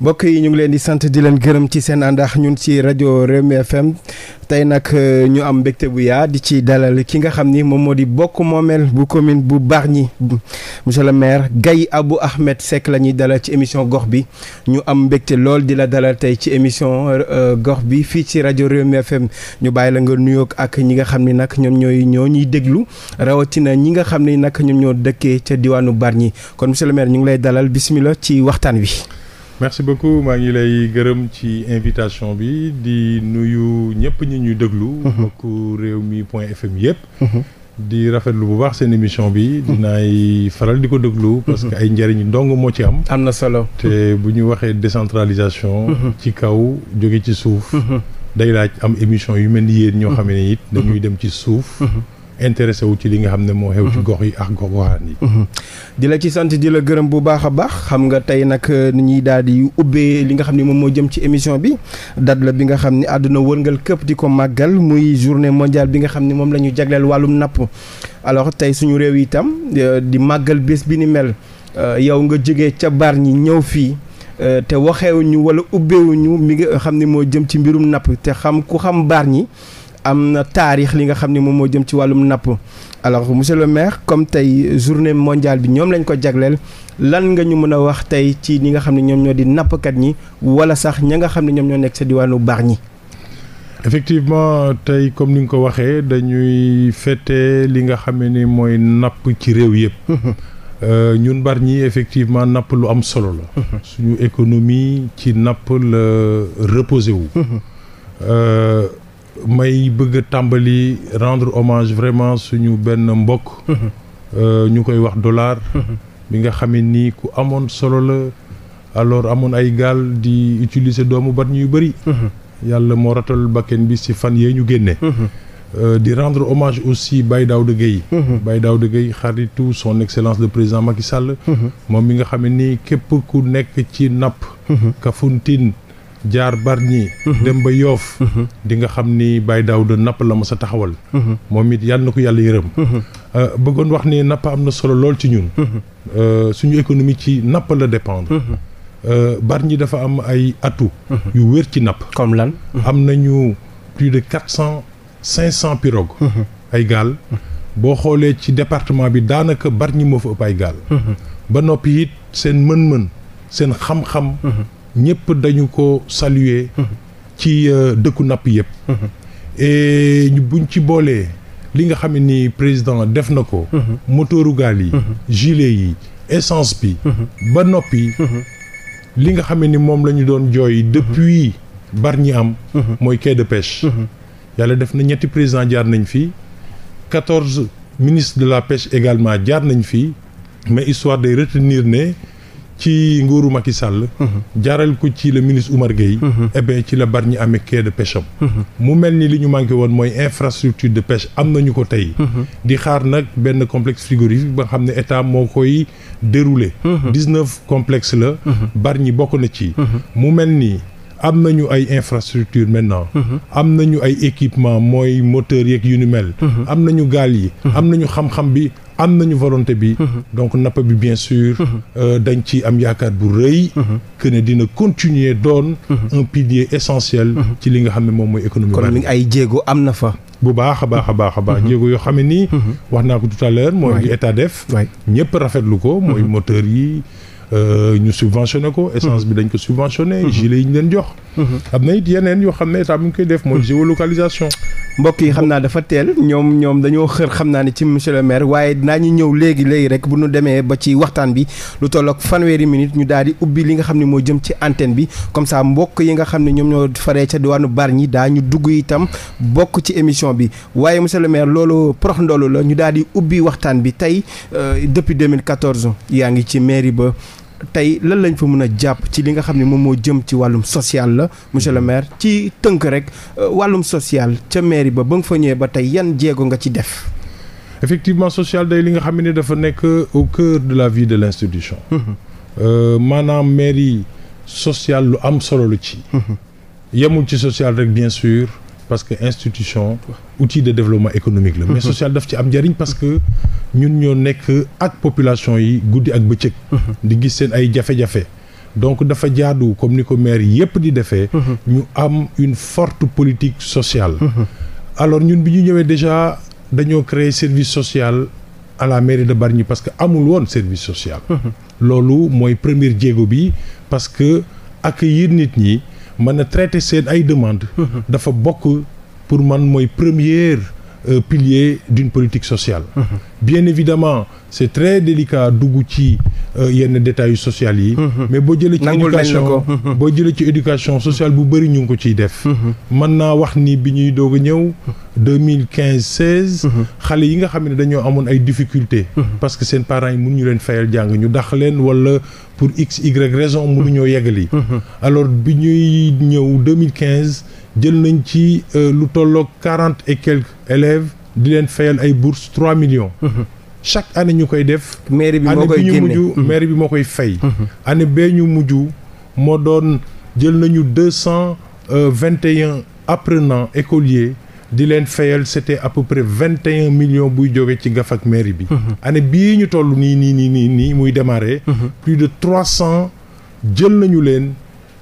mbokk yi ñu ngi leen di sant di leen gërëm ci seen ànd ñun ci rajo Rewmi FM tey nag euh, ñu am mbégte bu yaa di ci dalal ki nga xam ni moom moo di bokk moomeel bu commune bu Bargny monsieur le maire gay abu Ahmed Seck la ñuy dalal ci émission gox bi ñu am mbégte lool di la dalal tey ci émission euh, gox bi fii ci rajo Rewmi FM ñu bàyyi la nga nuyook ak ñi nga xam ni nag ñoom ñooy ñoo ñuy déglu rawatina ñi nga xam ni nag ñoom ñoo dëkkee ca diwaanu Bargny kon monsieur le maire ñu ngi lay dalal bisimilah ci waxtaan wi. merci beaucoup maa ngi lay gërëm ci invitation bi di nuyu ñëpp ñu ñuy déglu. Mhm. réew mi point FM yëpp. Mhm. di rafetlu bu baax seen émission bi. Mhm. dinaay faral di ko déglu. parce que ay njëriñ ndong moo ci am. am na solo te bu ñu waxee décentralisation. ci kaw jóge ci suuf. day laaj am émission yu mel ni yéen ñoo xame ne it dañuy dem ci suuf. intéressé wu ci li nga xam ne moo xew ci mhm. gox yi ak gox waxaan yi mhm. di la ci sant di la gërëm bu baax a baax xam nga tey nag euh, ni ñuy daal di ubbee li nga xam ne moom moo jëm ci émission bi date bi nga xam ne àdduna wërngal këpp di ko màggal muy journée mondiale bi nga xam ne moom la ñu jagleel wàllum napp alors tey suñu réew itam euh, di màggal bés bi ni mel euh, yow nga jógee ca baar ñi ñëw fii te waxewuñu wala ubbeewuñu mi nga xam ne moo jëm ci mbirum napp te xam ku xam baar ñi am na taarix li nga xam ne moom moo jëm ci wàllum napp alors monsieur le maire comme tey journée mondiale bi ñoom lañ ko jagleel lan nga ñu mën a wax tey ci ñi nga xam ne ñoom ñoo di nappkat ñi wala sax ña nga xam ne ñoom ñoo nekk sa diwaanu baax ñi. effectivement tey comme ni nga ko waxee dañuy fête li nga xam ni mooy napp ci réew yëpp. Euh, ñun bar ñi effectivement napp lu am solo la. suñu économie ci napp la reposé wu. Euh, may bëgg tàmbali rendre hommage vraiment suñu benn mbokk. Euh, ñu koy wax dollar. bi nga xam ni ku amoon solo la alors amoon ay gaal di utiliser doomu bat ñuy bëri. yàlla moo ratal bakken bi ci fan yee ñu génne. Euh, di rendre hommage aussi Baye Daouda Gueye. Baye Daouda Gueye xaritu son excellence de président Macky Sall. moom mi nga xam ni nii képp ku nekk ci napp. Kafountine. jaar Bargny mhm. dem ba Yoof mhm. di nga xam ni daaw Daouda napp la ma sa taxawal mhm. moom it yàlla na ko yàlla yërëm euh, bëggoon wax ni napp am na solo lool ci ñun euh, suñu économie ci napp la dépendre euh, Bargny dafa am ay atout yu wér ci napp comme lan am nañu plus de quatre cent cinq cent pirogues ay gaal boo xoolee ci département bi daanaka Bargny moo fa ëpp ay gaal ba noppi it seen mën-mën seen xam-xam ñëpp dañu ko saluer ci euh, dëkku napp yëpp et buñ ci boolee li nga xam ne ni président def na ko motoru yi gilet yi essence bi ba noppi li nga xam ni moom la ñu doon jooy depuis bar ñi am mooy quai de pêche yàlla def na ñetti président jaar nañ fii quatorze ministre de la pêche également jaar nañ fii mais histoire day retenir ne ci nguuru Macky Sall. Mhm. jaaral ko ci le ministre Oumar Gueye. Mhm. eh bien ci la Bargny amee quai de pêche am. Mhm. mu mel ni li ñu manqué woon mooy infrastructure de pêche am nañu ko tey. di xaar nag benn complexe frigorifique ba xam ne état moo koy dérouler. dix-neuf la. Bargny bokk na ci. mu mel ni. am nañu ay infrastructure maintenant am nañu ay équipement mooy moteur yeeg yu ni mel am nañu gaal yi am nañu xam-xam bi am nañu volonté bi. Mhm. donc napp bi bien sûr. Mhm. Euh, dañ ci am yaakaar bu rëy. Mhm. que ne dina continuer doon. un pilier essentiel. ci li nga xam ne moom mooy économie. kon mi nga ay jéego am na fa. bu baax a baax baax a baax jéego yoo xam ne nii. wax naa ko tout à l'heure mooy état def. ñëpp rafetlu ko mooy moteur yi. Euh, ñu subventionné ko essence bi dañ ko subventionné mhm. gilet yi ñu leen jox mhm. am na it yeneen yoo xam ne état mi ngi koy def mooy mhm. géolocalisation mbokk yi xam naa dafa teel ñoom ñoom dañoo xër xam naa ne ci monsieur le maire waaye naa ñu ñëw léegi léegi rek bu ñu demee ba ci waxtaan bi lu toll ak fanweeri minute ñu daal di ubbi li nga xam ne moo jëm ci antenne bi comme ça mbokk yi nga xam ne ñoom ñoo faree ca diwaanu ñi daa ñu dugg itam bokk ci émission bi waaye monsieur le maire loolu prox la ñu daal di ubbi waxtaan bi tey euh, depuis 2014 yaa ngi ci mairie ba tey lan lañ fa mën a jàpp ci li nga xam ne moom moo jëm ci wàllum social la monsieur le mm-hmm. maire ci tënk rek euh, wàllum social ca mairie ba ba nga fa ñëwee ba tey yan jéego nga ci def. effectivement social day li nga xam ne dafa nekk au cœur de la vie de l'institution. Mm-hmm. Euh, maanaam mairie sociale lu am solo lu ci. Mm-hmm. yemul ci social rek bien sur parce que institution outil de développement économique la mais social daf ci am njëriñ parce que ñun ñoo nekk ak population yi guddi ak bëccëg di gis seen ay jafe-jafe donc dafa jaadu comme ni ko maire yépp di defee ñu am une forte politique sociale alors ñun bi ñu ñëwee déjà dañoo créer service social à la mairie de Bargny parce que amul woon service social loolu mooy premier jéego bi parce que accueillir nit ñi mën a traité seen ay demande dafa bokk pour man mooy première euh, pilier d'une politique sociale mmh. bien évidemment c'est très délicat dugg ci euh, yenn détails yu social yi. mais boo jëlee ci éducation boo jëlee ci éducation sociale bu bëri ñu ngi ko ciy def. mën naa wax ni bi ñuy doog ñëw. deux mille quinze seize. xale yi nga xam ne dañoo amoon ay difficultés. parce que seen parents yi mun ñu leen fayal jàng ñu dax leen wala pour x y raison mënuñoo yeggali. alors bi ñuy ñëw deux mille quinze jël nañ ci euh, lu tolloog quarante et quelques élèves di leen fayal ay bourses trois millions. chaque année ñu koy def. mairie bi moo koy génne mhm. année bi moo koy fay. Mhm. année bee ñu mujj moo doon jël nañu deux cent euh, vingt et un apprenants écoliers di leen fayal c'était à peu près vingt et un millions buy jóge ci gaf ak mairie bi. Mhm. année bii ñu toll nii nii nii nii nii muy démarrer. plus de trois cent jël nañu leen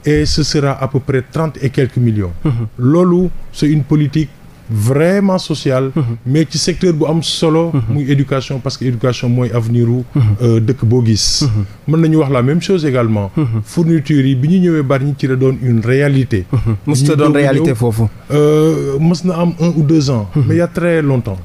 et ce sera à peu près trente et quelques millions. loolu c'est une politique. vraiment social mhm. mais ci secteur bu am solo. Mhm. muy éducation parce que éducation mooy avenir u mhm. euh, dëkk boo gis. mën nañu wax la même chose également. fourniture yi bi ñu ñëwee Bargny ci la doon une réalité. mës na doon réalité foofu. Euh, mës na am un ou deux ans. mais y a très longtemps.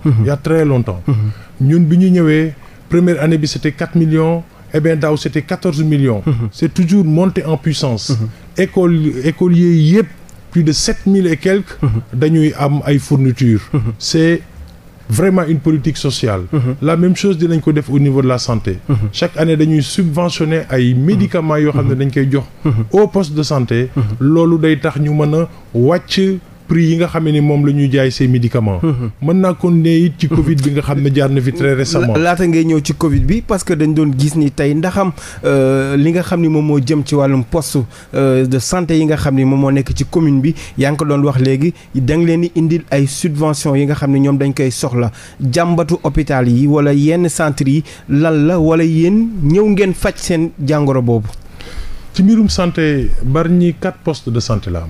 ñun bi ñu ñëwee première année bi c'était quatre millions. eh bien daaw c'était quatorze millions. c'est toujours monté en puissance. école écoliers yëpp. plus de sept mille et quelques mhm. dañuy am ay fournitures mhm. c'est vraiment une politique sociale mhm. la même chose dinañ ko def au niveau de la santé chaque année dañuy subventionner ay médicaments yoo xam ne dañ koy jox au poste de santé loolu day tax ñu mën a wàcc pris yi nga xam ne moom la ñuy jaay ces médicaments. mën naa koon ne it ci Covid bi nga xam ne jaar na fi très récemment. laata ngay ñëw ci Covid bi parce que dañ doon gis ni tey ndaxam euh, li nga xam ni moom moo jëm ci wàllum poste euh, de yi nga xam ni moom moo nekk ci commune bi yaa ngi doon wax léegi da nga leen di indil ay subvention yi nga xam ne ñoom dañ koy soxla jàmbatu hôpital yi wala yenn centre yi lan la wala yéen ñëw ngeen faj seen jàngoro boobu. ci mbirum santé bari ñi quatre postes de santé la am.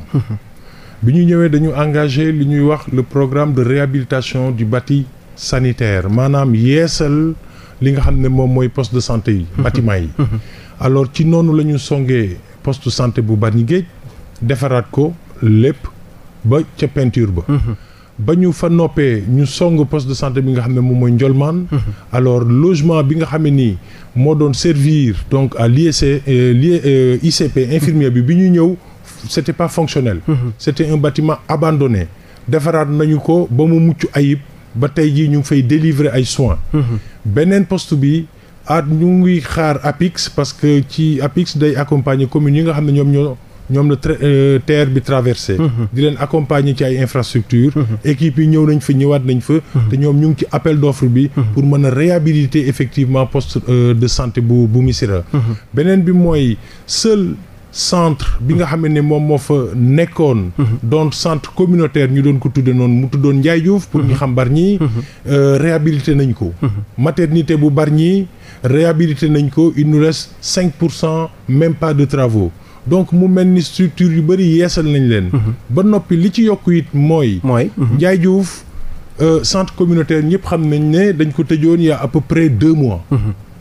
bi ñu ñëwee dañu engagé li ñuy wax le programme de réabilitation du bâti sanitaire maanaam yeesal li nga xam ne moom mooy poste de santé yi mhm. bâtiment yi mhm. alors ci noonu la ñu songee poste de santé bu Bargny Géej defaraat ko lépp ba ca peinture ba mhm. ba ñu fa noppee ñu song poste de santé bi nga xam ne moom mooy Njolmaan alors logement bi nga xam ne nii moo doon servir donc à l'IEC euh, l'IEC euh, ICP infirmier bi bi ñu ñëw c'était pas fonctionnel. Mm -hmm. c'était un abandonné. defaraat nañu ko ba mu mucc ayib ba tey jii ñu ngi fay délivrer ay soins. Mm beneen post bi at ñu ngi xaar APIX parce que ci APIX day accompagner commune yi nga xam ne ñoom ñoo. ñoom la euh, terre bi traversé mm-hmm. di leen accompagner ci ay infrastructures mm-hmm. équipes yi ñëw nañ fa ñëwaat nañ fa te ñoom ñu ngi ci appel d'offre bi pour mën a réhabiliter effectivement post euh, de santé bu bu Missirah beneen bi mooy seul centre bi nga xam ne moom moo fa nekkoon. doon centre communautaire ñu doon ko tudde noonu mu tuddoon Ndiaye Diouf. pour ñu xam Bargny. Euh, réhabilité nañ ko. maternité bu Bargny réhabilité nañ ko il nous reste cinq pour cent même pas de travaux. donc mu mel ni structure yu bëri yeesal nañ leen. ba noppi li ci yokk it mooy. mooy Ndiaye Diouf euh, centre communautaire ñëpp xam nañ ne dañ ko tëjoon il y près deux mois.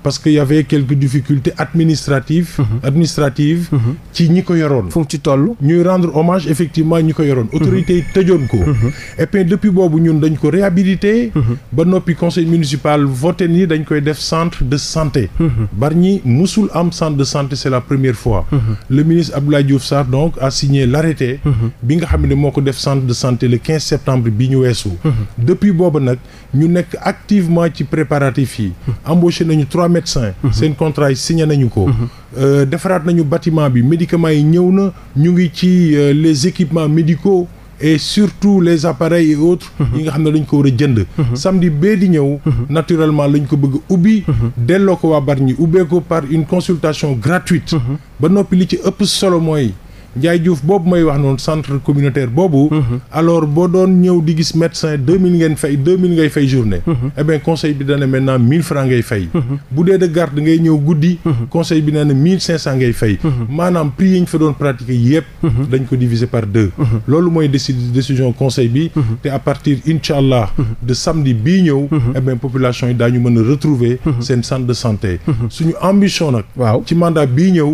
parce que y avait quelques difficultés administratives. Mhm. Mhm. administratives. ci ñi ko yoroon. fu ci toll. ñuy rendre hommage effectivement ñi ko yoroon. autorités yi tëjoon ko. Mhm. et puis depuis boobu ñun dañ ko réhabilité. ba noppi conseil municipal voté ni dañ koy def centre de santé. Bargny musul am centre de santé c'est la première fois. le ministre Abdoulaye Diouf Sarr donc a signé l'arrêté. bi nga xam ni moo ko def centre de santé le 15 septembre bi ñu weesu. depuis boobu ñu nekk activement ci préparatifs yi. médecins. Mhm. seen contrat yi signé nañu ko. Mhm. Euh, defaraat nañu bâtiment bi médicament yi ñëw na ñu ngi ci euh, les équipements médicaux. et surtout les appareils et autres. Mhm. yi nga xam ne dañ ko war a jënd. samedi bee di ñëw. naturellement lañ ko bëgg ubbi. delloo ko waa Bargny ubbee ko par une consultation gratuite. ba noppi li ci ëpp solo mooy. Ndiaye Diouf boobu may wax noonu centre communautaire boobu. Mhm. alors boo doon ñëw di gis médecin deux fay ngay fay journée. Mhm. eh conseil bi dana maintenant mille ngay fay. Mhm. bu de garde ngay ñëw guddi. conseil bi nee ngay fay. maanaam prix ñu fa doon pratiquer yëpp. dañ ko diviser par loolu mooy décision conseil bi. te à partir de samedi bii ñëw. eh bien daañu mën a retrouver seen centre de santé. suñu ambition nag. waaw ci mandat bii ñëw.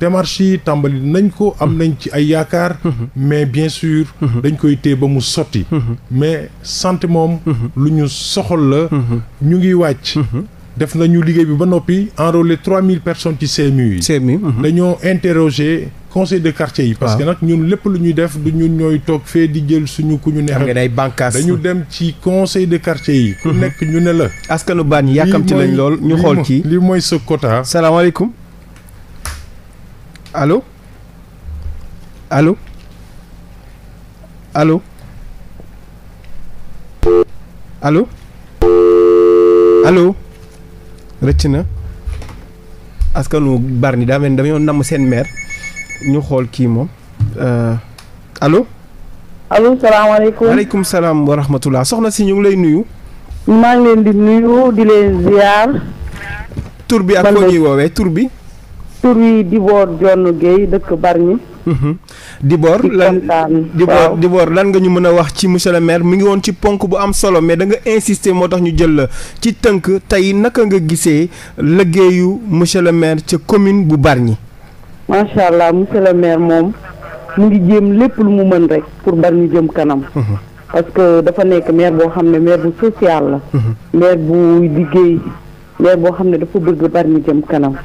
démarche yi tàmbali nañ ko am nañ ci ay yaakaar mais bien sûr dañ koy téye ba mu sotti mais santé moom lu ñu soxal la ñu ngi wàcc def nañu liggéey bi ba noppi enrôler trois mille personnes ci CMU yi CMU mhm. dañoo interroger conseil de quartier yi parce que nag ñun lépp lu ñuy def du ñu ñooy toog fee di jël suñu ku ñu neex dañu dem ci conseil de quartier yi ku mhm. nekk ñu ne la askanu baan yàkkamti lañ lool ñu xool ci lii mooy sa quota salaamaaleykum alo allo allo allo alo rëcc na askanu Bargny daa mel ni dañoo namm seen maire ñu xool kii moom allo. Euh, allo salaamaaleykum waaleykum salaam wa rahmatulah soxna si ñu ngi lay nuyu. maa ngi leen di nuyu di leen ziar. tur bi ak foo ñuy woowee tur bi. tur wi Dibor Jonn Guèye dëkk Bargny. Mhm. Dibor lan Dibor Dibor lan nga ñu mën a wax ci monsieur le maire mi ngi woon ci ponk bu am solo mais da nga insister moo tax ñu jël la ci tënk tey naka nga gisee liggéeyu monsieur le maire ca commune bu Bargny. macha allah monsieur le moom mu ngi jéem lépp lu mu mën rek pour Bargny jëm kanam. Mhm. parce dafa nekk maire boo xam ne maire bu social la. Mhm. maire bu liggéey maire boo xam ne dafa bëgg Bargny jëm kanam.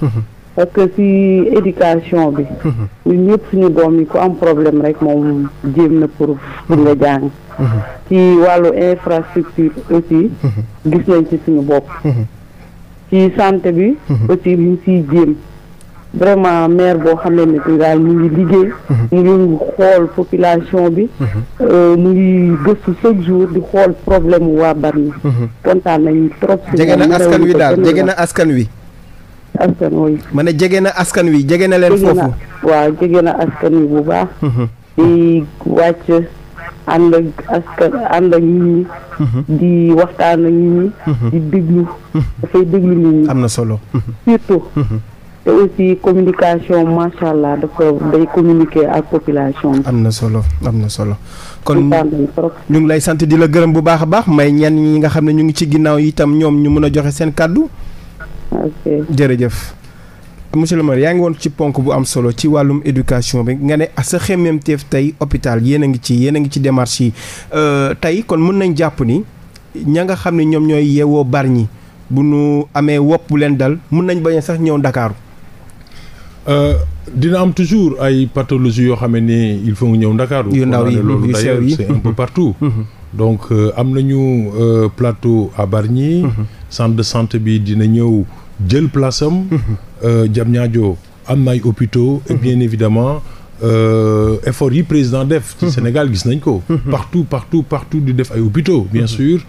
parce que si éducation bi. Mhm. ñun ñëpp suñu doom yi ku am problème rek moom jéem na pour pour nga jàng. Mhm. ci wàllu infrastructure aussi. Mhm. gis nañ ci suñu bopp. ci santé bi. aussi ñu siy jéem. vraiment maire boo xam ne ni daal mu ngi liggéey. mu ngi xool population bi. mu euh, ngi gëstu chaque jour di xool problème waa Bargny. kontaan nañu trop. jege na askan wi daal jege na askan wi. askan wi. ma ne jege na askan wi jege na leen. foofu waaw jege na askan wi bu baax. Mhm. di wàcc ànd ak askan ànd ak nit mhm. di waxtaan ak nit mhm. di déglu. dafay déglu nit am na solo. surtout. te aussi communication macha allah dafa day communiquer ak population am na solo am na solo. kon ñu ngi lay sant di la gërëm bu baax a baax may ñenn ñi nga xam ne ñu ngi ci ginnaaw yi itam ñoom ñu mun a joxe seen kàddu. jërëjëf. monsieur le maire yaa ngi woon ci ponk bu am solo ci wàllum éducation bi nga ne sa xemmemteef tey hôpital yéen a ngi ci yéen a ngi ci démarche yi euh, tey kon mën nañ jàpp ni ña nga xam ne ñoom ñooy bari Bargny bu nu amee wopp bu leen dal mun nañ bañ sax ñëw Ndakaaru. Euh, dina am toujours ay pathologie yoo xam ne il faut ñëw Ndakaaru. yu ndaw loolu d'ailleurs c'est un peu partout. Mhm. donc euh, am nañu euh, plateau à Bargny. Mhm. centre de santé bi dina ñëw jël place am. Mhm. Euh, Diamniadio am na ay hôpitaux. et bien évidemment. Euh, effort yi président def. ci mhm. Sénégal gis nañ ko. Mhm. partout partout partout di def ay hôpitaux bien mhm. sûr.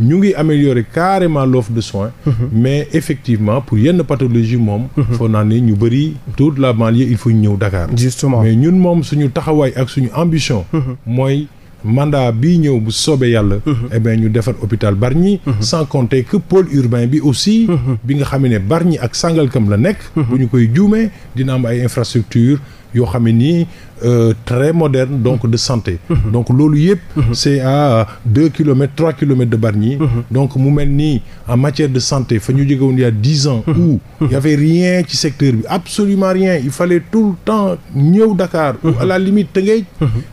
ñu ngi améliorer carrément l'offre de soins. mais effectivement pour yenn pathologie moom. foog naa ni ñu bëri toute la banlieue il faut ñu ñëw Dakar. justement mais ñun moom suñu taxawaay ak suñu ambition. mooy. mandat bii ñëw bu soobee yàlla. eh bien ñu defar hôpital Bargny. sans compter que pôle urbain bi aussi. bi nga xam ne Bargny ak Sangalkam la nekk. bu ñu koy juumee dina am ay infrastructures. yoo xam ne nii euh, très moderne donc de santé mhm. donc loolu yëpp mhm. c'est à deux kilomètres trois kilomètres de Bargny mhm. donc mu mel nii en matière de santé fa ñu jógewoon il y a dix ans où y avait rien ci secteur bi absolument rien il fallait tout le temps ñëw Dakar ou à la limite Tëngéej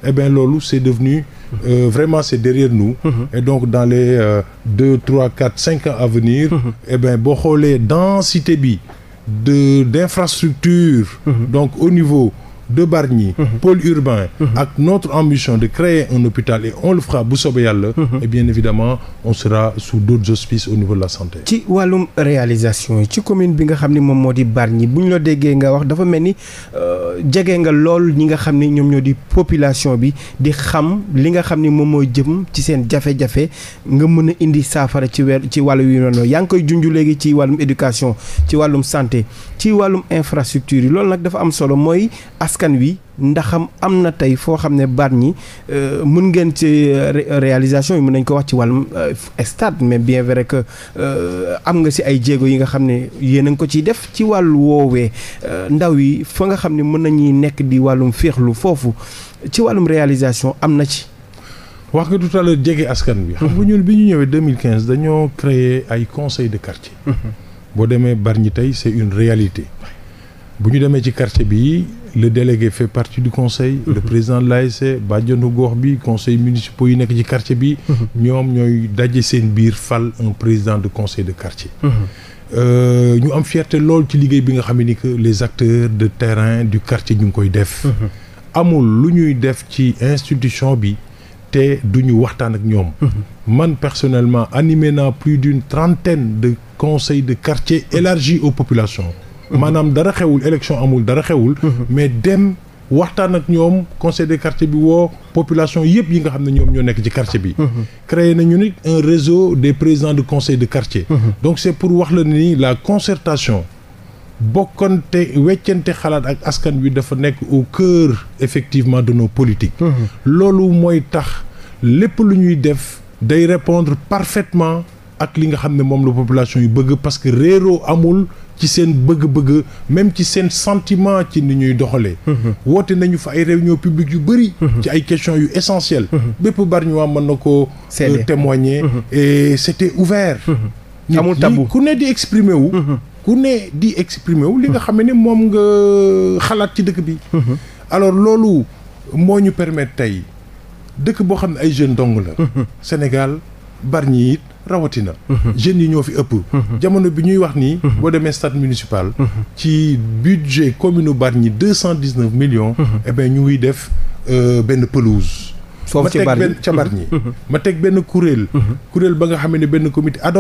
eh loolu c'est devenu euh, vraiment c'est derrière nous et donc dans les euh, deux trois quatre cinq ans à venir mm -hmm. eh bien boo xoolee densité bi de d'infrastructure mm -hmm. donc au niveau de Bargny mhm. pôle urbain mhm. ak notre ambition de créer un hôpital et on le fera bu soobee yàlla mhm. et eh bien évidemment on sera sous d'autres auspices au niveau de la santé ci wàllum réalisation yi ci commune bi nga xam ne moom moo di Bargny bu ñu la déggee nga wax dafa mel ni euh, jege nga lool ñi nga xam ne ñoom ñoo di population bi di xam li nga xam ni moom mooy jëm ci seen jafe-jafe nga mën a indi saafara ci weer ci wàllu yu yaa ngi koy junj léegi ci wàllum éducation ci wàllum santé ci wàllum infrastructure yi loolu nag dafa am solo mooy askan wi ndaxam am na tey foo xam ne baat ñi euh, mën ngeen ci euh, réalisation yi mën nañ ko wax ci wàllum euh, stade mais bien vrai que am nga si ay jéego yi nga xam ne yéen a ngi ko ciy def ci wàllu woowee ndaw yi fa nga xam ne mën nañuy nekk di wàllum féexlu foofu ci wàllum réalisation am na ci. wax nga tout à l'heure askan bi. xam nga ñun bi ñu ñëwee 2015 dañoo créer ay conseil de quartier. Mhm. boo demee Bargny tey c'est une réalité bu ñu demee ci quartier bi le délégué fait partie du conseil le mhm. président la l'ASC bàjjanu gox bi conseil municipaux yi nekk ci quartier bi mhm. ñoom ñooy daje seen biir fal un président de conseil de quartier mhm. euh, ñu am fierté lool ci liggéey bi nga xam ni que les acteurs de terrain du quartier ñu ngi koy def amul lu ñuy def ci institution bi te du ñu waxtaan ak ñoom man personnellement animé naa plus d'une trentaine de conseils de quartier élargi aux populations maanaam dara xewul élection amul dara xewul mhm. mais dem waxtaan ak ñoom conseil de quartier bi woo population yëpp yi nga xam ne ñoom ñoo nekk ci quartier bi mhm. créé nañu nit un réseau des présidents de conseil de quartier mhm. donc c'est pour wax la ni la concertation bokkante weccante xalaat ak askan bi dafa nekk au cœur effectivement de nos politiques loolu mooy tax lépp lu ñuy def day répondre parfaitement ak li nga xam ne moom la population yi bëgg parce que réeroo ci seen bëgg-bëgg même ci seen sentiment ci ni ñuy doxalee. Mm-hmm. woote nañu fa ay réunion publique yu bëri. Mm-hmm. ci ay question yu essentielles. Mm-hmm. bépp waa mën na ko koo. Euh, témoigner et c'était ouvert. amul tabou ku ne di exprimer ku ne di exprimer wu. li nga xam ne moom nga euh, xalaat ci dëkk bi. alors loolu moo ñu permettre tey dëkk boo xam ne ay jeunes dong la. Sénégal Bargny it. rawatina. Mhm. jeunes yi ñoo fi ëpp. Mhm. jamono bi ñuy wax ni mhm. boo demee stade municipal. ci budget commune Bargny deux cent dix neuf millions. eh ñu ngi def euh, benn pelouse. foofu ci Bargny ca ñi ma teg benn kuréel. kuréel ba nga xam ne benn comité ad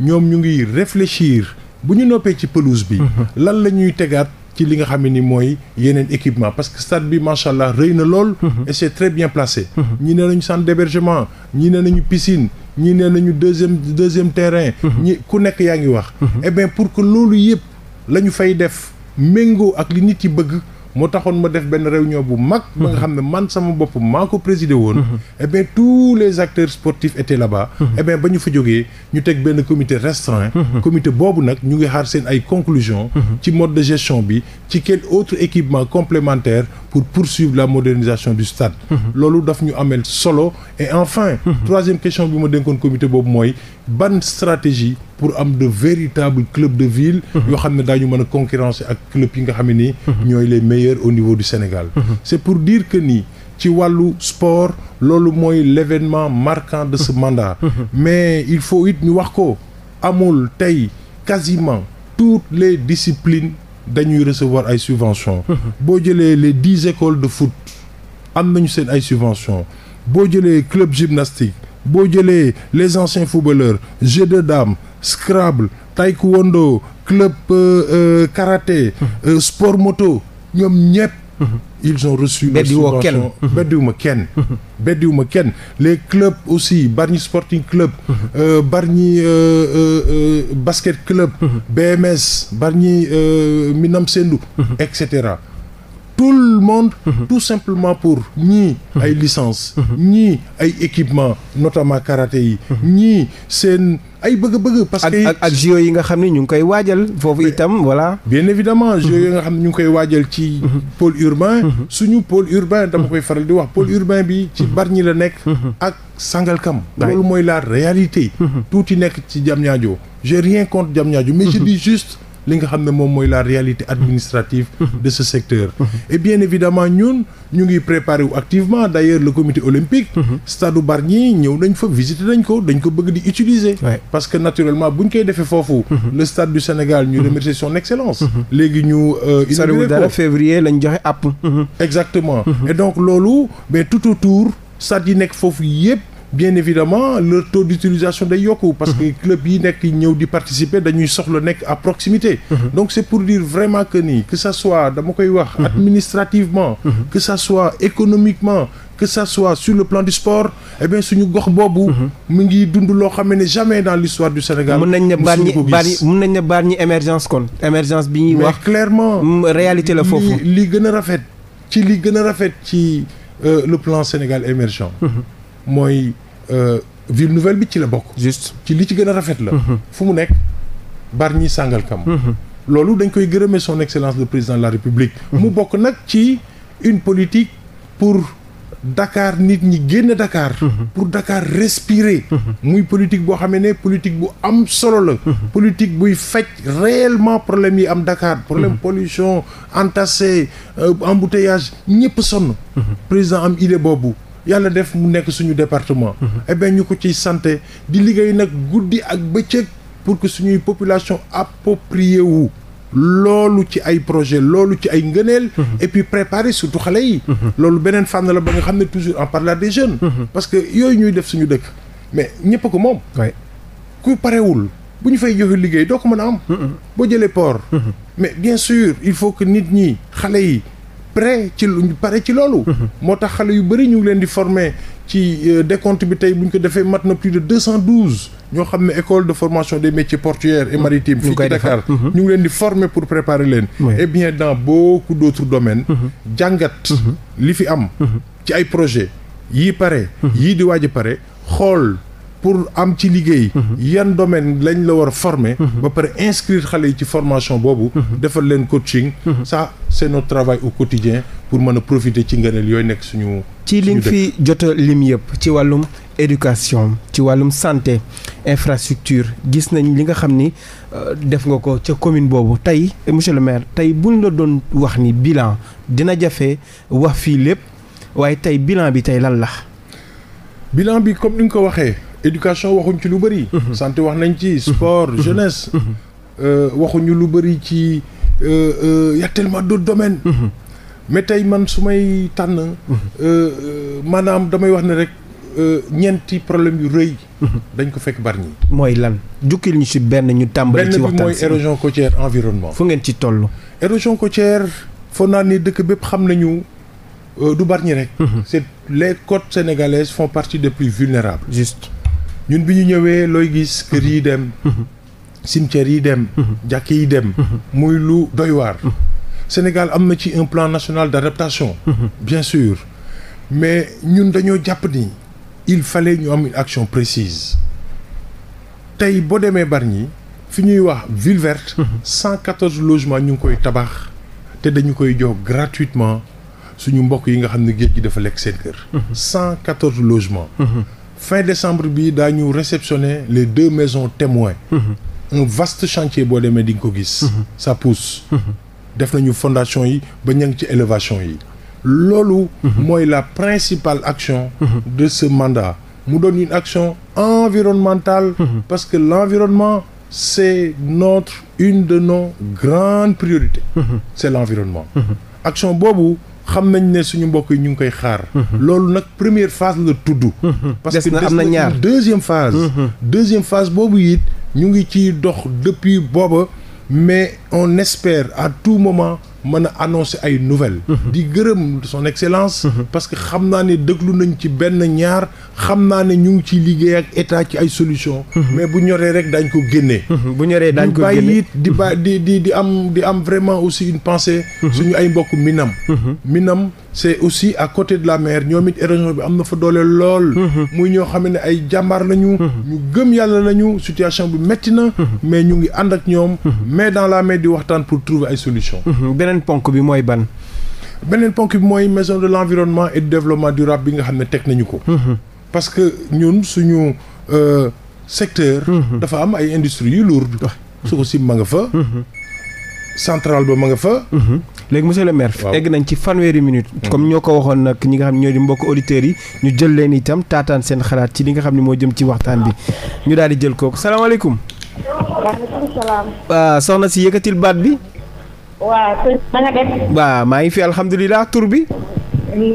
ñoom ñu ngi réfléchir bu ñu noppee ci pelouse bi. lan la ñuy tegaat. ci li nga xam ne ni mooy yeneen équipement parce que stade bi macha allah rëy na lool. et c'est très bien placé. ñi ne nañu centre d'hébergement ñi ne nañu pisine ñi nee nañu deuxième deuxième terrain. Mhm. ñi ku nekk yaa ngi wax. Mhm. eh pour que loolu yëpp lañu fay def méngoo ak li nit yi bëgg. moo taxoon ma def benn réunion bu mag. ba nga xam ne man sama bopp maa ko présider woon. Mhm. et eh tous les acteurs sportifs étaient là-bas. Mhm. Eh ba ñu fa jógee ñu teg benn comité restreint. Mhm. comité boobu nag ñu ngi xaar seen ay conclusions. ci mode de gestion bi ci quel autre équipement complémentaire pour poursuivre la modernisation du stade. loolu daf ñu ameel solo et enfin. troisième question bi ma denkoon comité boobu mooy. ban stratégie pour am de véritables clubs de ville. Mhm. yoo xam ne daañu mën a concurrencer ak club yi nga xam ne nii. Mhm. ñooy les meilleurs au niveau du Sénégal. Mhm. c'est pour dire que nii ci wàllu sport loolu mooy l'événement marquant de ce mandat. mais il faut it ñu wax ko amul tey quasiment toutes les disciplines dañuy recevoir ay subventions. boo jëlee les dix écoles de foot am nañu seen ay subventions boo jëlee club gymnastique. boo jëlee les anciens footballeurs jeu de dames scrabble taekwondo club euh, euh karaté mhm. euh, sport moto ñoom ñëpp mhm. ils ont reçu beddiwoo kenn mhm. beddiwuma kenn beddiwuma kenn les clubs aussi Bargny Sporting Club euh, Bargny euh, euh, basket club BMS Bargny Minam Sendou et cetera tout le tout simplement pour ñii ay licence ñi ay équipement notamment karaté yi ñi seen ay bëgg-bëgg parce que ak ak JO yi nga xam ne ñu ngi koy waajal foofu itam voilà bien évidemment JO mhm. yi nga xam ne ñu ngi koy waajal ci mhm. pôle urbain mhm. suñu pôle urbain dama koy faral di wax pôle urbain bi ci ñi la nekk ak Sangalkam loolu mooy la réalité tuuti nekk ci Diamniadio j'ai rien contre Diamniadio mais je dis juste li nga xam ne moom mooy la réalité administrative de ce secteur et bien évidemment ñun ñu ngi préparer wu activement d'ailleurs le comité olympique mhm. stade Bargny ñëw nañ fa visiter nañ ko dañ ko bëgg di utiliser parce que naturellement bu ñu koy defee foofu mhm. le stade du Sénégal ñu mhm. remercier son excellence léegi ñu euh, inauguré ko février lañ joxe app exactement et donc loolu mais tout autour stade yi nekk foofu yëpp bien évidemment leur taux d'utilisation day yokku parce que mhm. club yi nekk ñëw di participer dañuy soxla nekk à proximité mhm. donc c'est pour dire vraiment que nii que ça soit dama koy wax mhm. administrativement que ça soit économiquement que ça soit sur le plan du sport eh bien suñu gox boobu mu ngi dund loo xam ne jamais dans l'histoire du Sénégal mën nañ ne baar ñi baar ñi mën nañ ne baar ñi émergence kon émergence bi ñuy wax clairement réalité la foofu li gën a rafet ci li gën a rafet ci euh, le plan Sénégal émergent mooy euh, ville nouvelle bi ci la bokk. juste ci li ci gën a rafet la. Mhm. fu mu nekk bar ñi Bargny Sangalkam. Mhm. loolu dañ koy gërëmee son excellence le président de la république. Mhm. mu bokk nag ci une politique pour Dakar nit ñi génn Dakar. pour Dakar respirer. muy politique boo xamee ne politique bu am solo la. politique buy faj réellement problème yi am Dakar. problème pollution entassé euh, embouteillage ñëpp sonn. président am idée boobu. yàlla def mu nekk suñu département. Mhm. eh ñu ko ci sante di liggéey nag guddi ak bëccëg pour que suñuy population approprié wu. loolu ci ay projet loolu ci ay ngëneel. Mhm. et puis préparer surtout xale yi. Mhm. loolu beneen fànn la ba nga xam ne toujours en parlant des jeunes. parce que yooyu ñuy def suñu dëkk. mais ñëpp ko moom. ku parewul bu ñu fay joxe liggéey doo ko mën a am. boo jëlee poor mais bien sûr il faut que nit ñi xale yi. prêt ci luñ pare ci loolu. Mhm. moo tax xale yu bëri ñu ngi leen di former ci euh, décompte bi tey bu ñu ko defee mat na plus de cent douze. ñoo xam ne école de formation des métiers portuaires et mhm. maritimes. fii koy Dakar mhm. ñu ngi leen di former pour préparer leen. et eh bien dans ku d' autres domaines. jàngat li fi am. ci ay projets yii pare. yii di waaj a pare xool. pour am ci liggéey. Mhm. yan domaine lañ la war a former. Mhm. ba pare inscrire xale yi ci formation boobu. Mhm. defal leen coaching. ça c'est notre travail au quotidien pour mën a profiter ci ngëneel yooyu nekk suñu. ci li nga fi jot a lim yëpp ci wàllum éducation ci wàllum santé infrastructure gis nañ li nga xam ni euh, def nga ko ca commune boobu tey monsieur le maire tey buñ la doon wax ni bilan dina jafe wax fii lépp waaye tey bilan bi tey lan la. bilan bi comme ni nga ko waxee. éducation waxuñ ci lu bëri. Mhm. santé wax nañ ci sport mhm. jeunesse. Mhm. Euh, waxuñu lu bëri ci euh, euh, y a tellement d'autres domaines. mais tey man su may tànn. maanaam damay wax ne rek ñeenti problème yu rëy. dañ ko fekk bari ñi. mooy lan jukkil ñu ci benn ñu tàmbali. ci waxtaan benn bi mooy érosion côtière environnement. fu ngeen ci toll. érosion côtière foog naa ni dëkk bépp xam nañu. du Bargny rek. c'est les côtes sénégalaises font partie des plus vulnérables. juste. ñun bi ñu ñëwee looy gis kër yi dem mhm. cimetières yi dem mhm. jàkk yi dem mhm. muy lu doy Sénégal am na ci un plan national d'adaptation bien sur mais ñun dañoo jàpp ni il fallait ñu am une action précise tey boo demee Bargny fi ñuy wax ville verte cent quatorze ñu ngi koy tabax te dañu koy jox gratuitement suñu mbokk yi nga xam ni géej gi dafa lekk seen kër cent quatorze logements fin décembre bi daañu réceptionner les deux maisons témoins mhm. un vaste chantier boo demee di nga ko gis mhm. ça pousse mhm. def nañu fondation yi ba ña ngi ci élévation yi loolu mooy la principale action de ce mandat mu doon une action environnementale parce que l'environnement c'est notre une de nos grandes priorités c'est l'environnement action boobu xam nañ ne suñu mbokk yi ñu ngi koy xaar. Mhm. loolu nag première phase la tudd. Mhm. parce que des na ñaar deuxième phase. Mhm. deuxième phase boobu it ñu ngi ciy dox depuis booba mais on espère à tout moment. mën a annoncer ay nouvelles. Mhm. di gërëm son excellence. Mhm. parce que xam naa ne déglu nañ ci benn ñaar xam naa ne ñu ngi ciy liggéey ak état ci ay solutions. Mhm. mais bu ñoree rek daañ ko génnee. bu ñoree daañ ko génnee it di ba di di di am di am vraiment aussi une pensée. suñu ay mbokk Minam. Minam c'est aussi ak côté de la mer ñoom it érosion bi am na fa doole lool. muy ñoo xam ne ay jàmbaar lañu. ñu gëm yàlla nañu situation bi métti na. mais ñu ngi ànd ak ñoom. mais dans la mer di pour trouver ay solutions. beneen ponk bi mooy ban. beneen ponk bi mooy maison de l'environnement et du développement durable bi nga xam ne teg nañu ko. Mm-hmm. parce que ñun suñu euh, secteur. Mm-hmm. dafa am ay industries yu lourdes. su ko sim ma nga fa. Mm-hmm. centrale ba ma nga fa. léegi monsieur le maire. egg nañ ci fanweeri minute. comme ñoo ko waxoon nag ñi nga xam ñoo di mbokk auditeurs yi ñu jël leen itam taataan seen xalaat ci li nga xam ne moo jëm ci waxtaan bi ñu daal di jël kooku salaamaaleykum. waaleykum salaam. Ah, soxna si yëkkatil baat bi. waaw maa ngi fi alhamdulilah tur bi.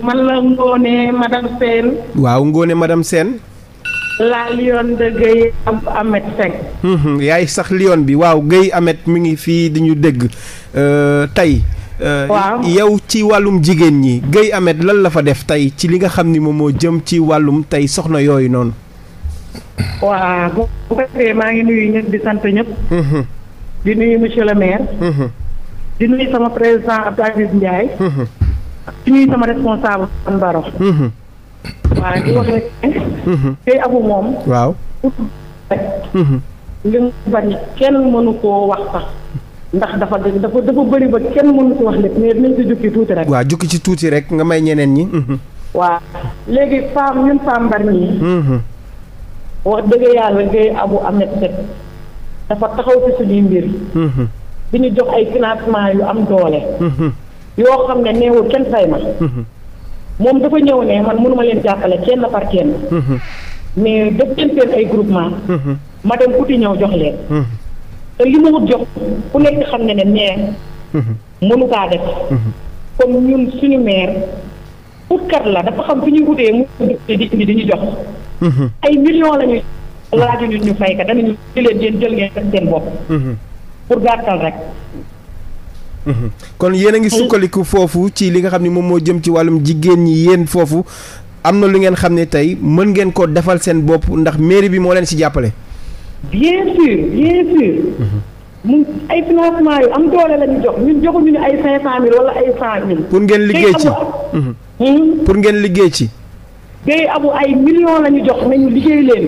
man la Ngone madame Sène. waaw Ngone madame seen la lion de Guèye am Ahmed mhm, yaay sax lion bi waaw Guèye Ahmed mi ngi fii di ñu dégg euh, tey. Euh, yow ci wàllum jigéen ñi Guèye Ahmed lan la def tey ci li nga xam ni moom moo jëm ci wàllum tey soxna yooyu noonu. waaw bu ko maa ngi nuyu ñëpp di sant ñëpp. Mhm. di nuyu monsieur le maire. Mhm. di sama président Abdou Aziz Ndiaye. di nuyu sama responsable Sane Baro. waaw di wax rek ne. tey abu moom. waaw ut rek. bari kenn mënu koo wax sax. ndax dafa dafa dafa bëri ba kenn mënu ko wax lépp mais dinañ ci jukki tuuti rek. waa jukki ci tuuti rek nga may ñeneen ñi. waa léegi femme ñun femme bari nii. wax dëgg yàlla ngay abu amet set dafa taxaw ci suñuy mbir. bi ñu jox ay financement yu am doole. Mhm. yoo xam ne neewul kenn fay ma. Mhm. moom dafa ñëw ne man mënuma leen jàppale kenn par kenn. mais mhm. def leen seen ay groupement. ma dem uti ñëw jox leen. te li ma wut jox ku nekk xam ne ne maire. mënu kaa def. comme ñun suñu maire. utkat la dafa xam fi ñuy wutee mu di indi di ñu jox. ay millions la ñuy laaju ñu ñu fay ka danañu di leen jël ngeen def seen bopp. pour gàttal rek. Mhm. kon yéen a ngi sukkaliku foofu ci li nga xam ne moom moo jëm ci wàllum jigéen ñi yéen foofu am na lu ngeen xam ne tey mën ngeen ko defal seen bopp ndax mairie bi moo leen ci jàppale. bien sûr bien sûr. Mhm. mu ay financement yu am doole la ñu jox ñun joxuñu ñu ay cinq cent mille wala ay cent mille. pour ngeen liggéey ci mhm. hmm? pour ngeen liggéey ci. day amu ay millions la ñu jox nañu liggéey leen.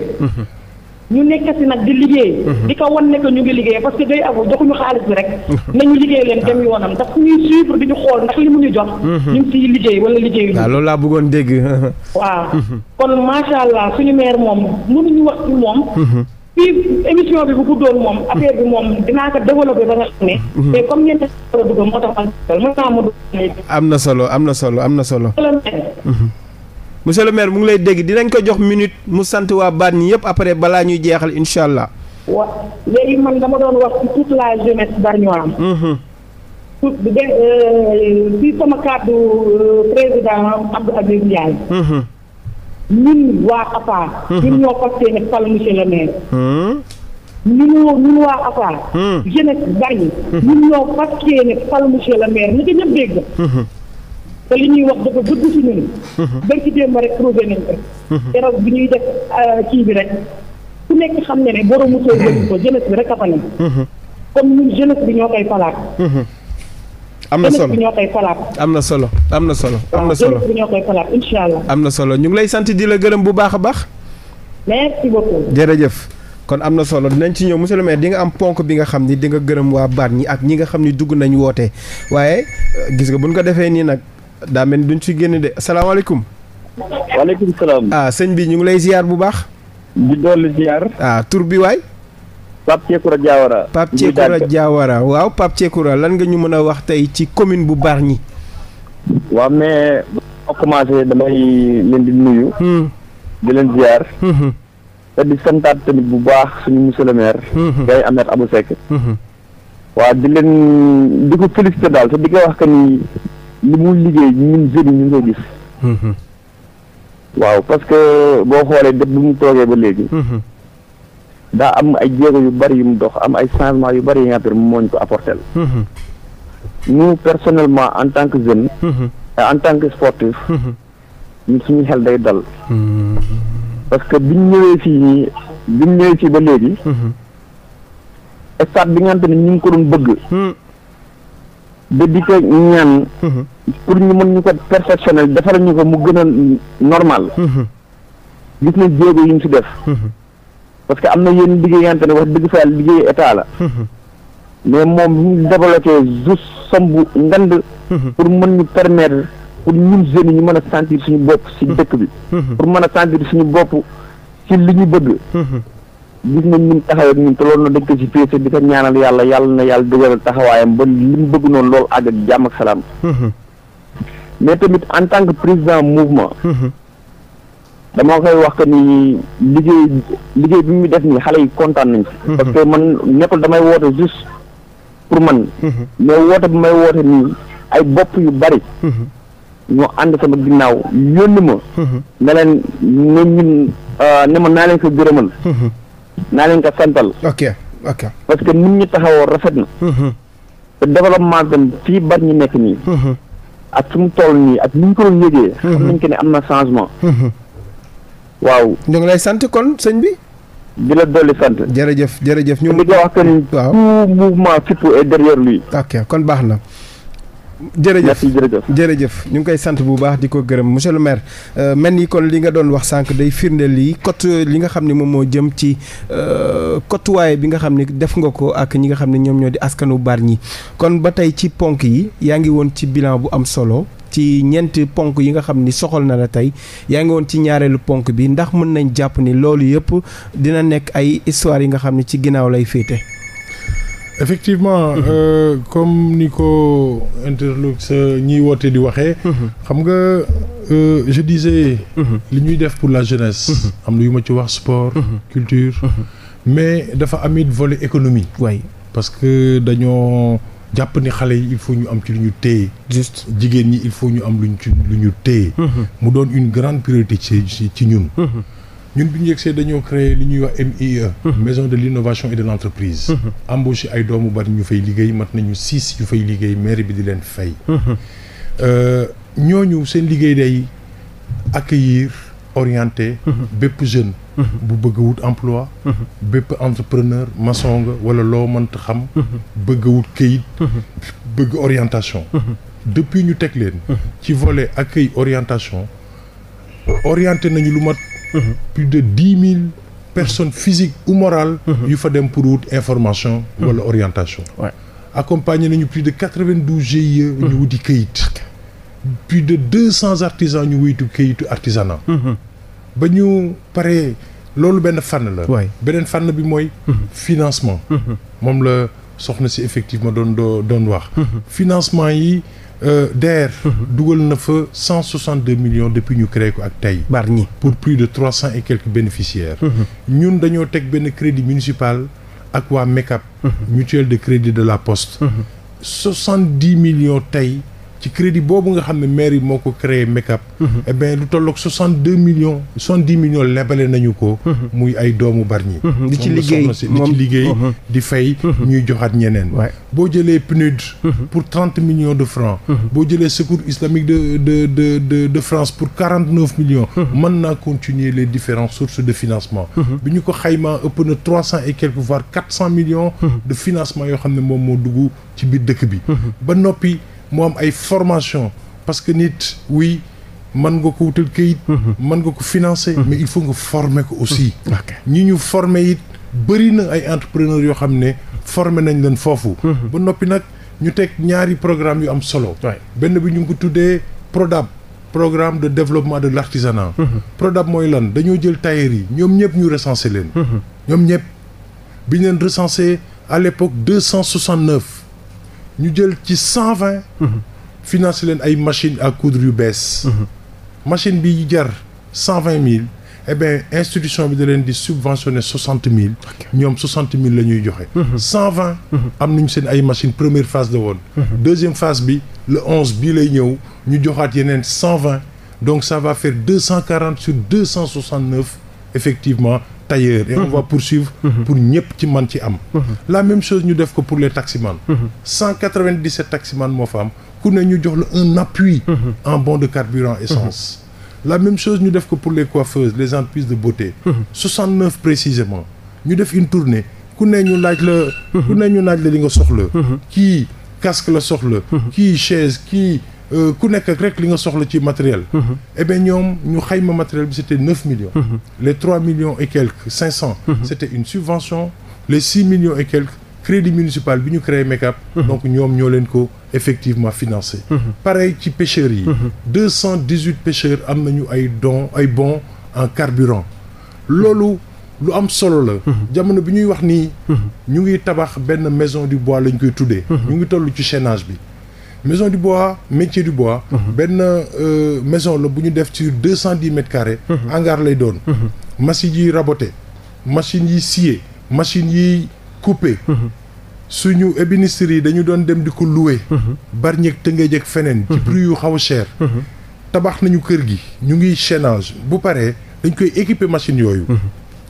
ñu nekk si nag di liggéey. di ko wan ne ñu ngi liggéey parce que day abu joxuñu xaalis bi rek. nañu liggéey leen dem yoonam ndax ñuy suivre di ñu xool ndax li mu ñu jox. ñu ngi liggéey wala liggéey. waaw loolu laa bëggoon dégg. waaw kon macha allah suñu maire moom mënuñu wax ci moom. fii émission bi bu moom affaire moom dinaa ko développé ba mais comme ñenn ñi moo tax am na solo am na solo am na solo. monsieur le maire mu ngi lay dégg dinañ ko jox minute mu sant waa baat ñi yëpp après balaa ñuy jeexal incha allah. wa léegi man dama doon wax ci toute la jeunesse bargnoise. Mhm. tout de euh, si sama kàddu euh, président Abdou Aziz Ndiaye. Mhm. waa APA. Mhm. ñun ñoo fas yéene fal monsieur le maire. ñun ñun waa APA. jeunesse Bargny. ñun ñoo fas yéene fal monsieur le maire ni ko ñëpp dégg. te li ñuy wax dafa dëgg ci ñun. Mhm. bëri rek prouvé nañ ko. Mhm. keroog bi ñuy def euh, kii bi rek ku nekk xam ne ne borom moto yi ko mhm. jeunesse bi ñoo koy falaat. am na solo ñoo koy am na solo am na solo. am na solo ñoo am na solo ñu ngi lay sant di la gërëm bu baax a baax. merci beaucoup. jërëjëf kon am na solo dinañ ci ñëw monsieur le maire di nga am ponk bi nga xam ni di nga gërëm waa baat ñi ak ñi nga xam ni dugg nañu woote waaye euh, gis nga buñ ko defee nii nag. daa mel ni duñ ci génn de asalaamaaleykum. waaleykum salaam. ah sëñ bi ñu ngi lay ziar bu baax. di dolli ziar. ah tur bi waay. Pape Thiékoura Diawara. Pape Thiékoura Diawara waaw Pape Thiékoura lan nga ñu mën a wax tey ci commune bu Bargny. waaw mais. ma commencé damay leen di nuyu. Hmm. di leen ziar. Hmm. te di santaat tamit bu baax suñu monsieur le maire. Hmm. Gaye Ahmed Abou di leen di ko félicité daal te di ko wax que ni. li muy liggéey ñun jeunes ñu ngi koy gis. Mm-hmm. waaw parce que boo xoolee dëpp bu mu toogee ba léegi. Mm-hmm. daa am ay jéego yu bari yu mu dox am ay changement yu bari yi nga xam ne ko apporté la. Mm-hmm. personnellement en tant que jeune. en tant que sportif. ñun suñu xel day dal. parce que biñ ñëwee fii nii biñ ñëwee fii ba léegi. stade bi nga xam ne ñu ko doon bëgg. ba di ko ñaan. Mhm. pour ñu mën ñu ko perfectionnel defaral ñu ko mu gën a normal. Mhm. gis nañ jéego yi ñu si def. Mhm. parce que am na yenn liggéeyante yante ne wax dëgg fa yàlla liggéey état la. mais moom ñu développé juste somb ngand. pour mën ñu permettre pour ñun jeunes ñu mën a sentir suñu bopp si dëkk bi. pour mën a sentir suñu bopp ci li ñu bëgg. gis nañ ñun taxawee ak ñun te loolu na dañ ko ci féete di ko ñaanal yàlla yàlla na yàlla dëgëral taxawaayam ba li mu bëgg noonu loolu àgg ak jàmm ak salaam. Mm-hmm. mais tamit en tant que président mouvement. Mm-hmm. dama koy wax que ni liggéey liggéey bi mu def nii xale yi kontaan nañ ci. Mm-hmm. parce que man nekkul damay woote juste pour man. mais woote bi may woote nii ay bopp yu bari. ñoo ànd sama ginnaaw yónni ma. ne leen ne ñun euh, ne naa leen ko gërëmal. naa leen ko santal. ok ok parce que nit ñu taxawoo rafet na. Mm-hmm. te développement bi fii bari ñu nekk nii. Mm-hmm. ak fi mu toll nii ak ni ñu ko doon yëgee. Mm-hmm. xam nañ ne am changement. waaw. ñu ngi lay sant kon sëñ bi. di la dolli sant. jërëjëf jërëjëf ñoom di nga wax que ni. waaw tout kon baax na. jërëjëf jërëjëf ñu ngi koy sant bu baax di ko gërëm monsieur le maire euh, mel ni kon li nga doon wax sànq day firndeel lii cote euh, li nga xam ne moom moo jëm ci euh, cotuwaay bi nga xam ne def nga ko ak ñi nga xam ne ñoom ñoo di askanu ñi kon ba tey ci ponk yi yaa ngi woon ci bilan bu am solo ci ñeenti ponk yi nga xam ni soxal na la tey yaa ngi woon ci ñaareelu ponk bi ndax mën nañ jàpp ni loolu yëpp dina nekk ay histoire yi nga xam ne ci ginnaaw lay féete effectivement mhm. euh, comme ni ko interloc sa ñiy woote di waxee mhm. xam nga euh, je disais mhm. li ñuy def pour la jeunesse am na yu ma ci wax sport culture mais dafa amit vole économie waay parce que dañoo jàpp ni xale yi il faut ñu am ci lu ñu téye juste jigéen ñi il faut ñu am luñ ci lu ñu téye mu doon une grande priorité ci ñun ñun bi ñu yegsee dañoo créer li ñuy wax MIE. maison de l'innovation et de l'entreprise. embauché ay doomu bari ñu fay liggéey mat nañu six yu fay liggéey mairie bi di leen fay. Euh, ñooñu seen liggéey day accueillir orienté. bépp jeune. bu bëgg a wut emploi. bépp entrepreneur maçon wala loo mënta xam. bëgg wut këyit. bëgg orientation. depuis ñu teg leen. ci volet accueil orientation orienté nañu lu mat. Mhm. plus de dix mille personnes physiques ou morales mhm. yu fa dem pour wut information mhm. wala orientation accompagné nañu plus de quatre-vingt-douze GIE ñu wuti këyit plus de deux cents artisans ñu wuti këyitu artisanat ba ñu paree loolu benn fànn la beneen fànn bi mooy financement moom la soxna si effectivement doon doon wax financement yi Euh, DER dugal na fa cent soixante deux millions depuis ñu créé ko ak tey Bargny pour plus de trois cent et quelques bénéficiaires mhm. ñun dañoo teg benn crédit municipal ak waa MECAP mhm. mutuel de crédit de la poste mhm. soixante dix millions tey ci crédit boobu nga xam ne maire yi moo ko créer MECAP mhm. eh bien lu tolloog soixante million millions soixante dix millions lebale nañu ko mhm. muy ay doomu Bargny mhm. di ci liggéey di ci fay ñuy joxaat ñeneen boo jëlee PNUD pour trente millions de francs boo jëlee secours islamique de de de de de France pour quarante neuf millions mën naa continuer les différentes sources de financement bi ñu ko xaymaa ëpp na trois cent et quelques voire quatre cent millions de financement yoo xam ne moom moo dugg ci biir dëkk bi ba noppi mu am ay formation parce que nit oui mën nga ko wutal kayit. Mhm. mën nga ko financer. Mhm. mais il faut nga former ko aussi. ñi ñu former it bëri na ay entrepreneurs yoo xam ne former nañ leen foofu. Mhm. ba noppi nag ñu teg ñaari programme yu am solo. benn bi ñu ngi ko tuddee PRODAB. programme de développement de l'artisanat. PRODAB mooy lan dañoo jël tailleur yi ñoom ñëpp ñu recenser leen. ñoom ñëpp bi ñu leen recenser à l'époque deux cent soixante-neuf ñu jël ci cent vingt. financé leen ay machine à coudre yu bees. machine bi jar cent vingt mille. eh bien institution bi da leen di subventionné soixante mille. ñoom soixante mille la ñuy joxe. Mhm. cent vingt. am nañu seen ay machine première phase la woon. Mhm. deuxième phase bi le onze bii lay ñëw ñu joxaat yeneen cent vingt donc ça va faire deux cent quarante sur deux cent soixante neuf effectivement tailleurs et on mhm. va poursuivre mhm. pour ñëpp ci man ci am mhm. la même chose ñu def ko pour les taximans cent quatre-vingt-dix-sept taximans moo fa am ku ne ñu jox un appui en bon de carburant essence la même chose ñu def ko pour les coiffeuses les entreprises de beauté précisément ñu def une tournée ku ne laaj la ku ne ñu laaj la li nga soxla kii casque la soxla kii chaise kii Euh, ku nekk rek li nga soxla ci matériel. Mhm. eh bien ñoom ñu xayma matériel bi c' était neuf millions. Mhm. les trois millions et quelques cinq cent. Mhm. c' une subvention les six millions et quelques crédit municipal bi ñu créé MECAP. donc ñoom ñoo leen ko effectivement financé. pareil ci pêcheurs yi. deux cent dix huit pêcheurs am nañu ay dons ay bon en carburant loolu. lu am solo la. jamono bi ñuy wax nii. ñu ngi tabax benn maison du bois lañ koy tuddee. ñu ngi toll ci chainage bi. maison du bois métier du bois. Mhm. benn euh, maison la bu ñu def ci deux cent dix mètres carrés. Mhm. lay doon. Mhm. machines yi raboter machines yi scier machines yi couper. suñu ébénisterie yi dañu doon dem di ko louer. Bargny ak Tëngéej ak feneen. ci prix yu xaw a cher. tabax nañu kër gi ñu ngi chaînage bu paree dañ koy équiper machines yooyu.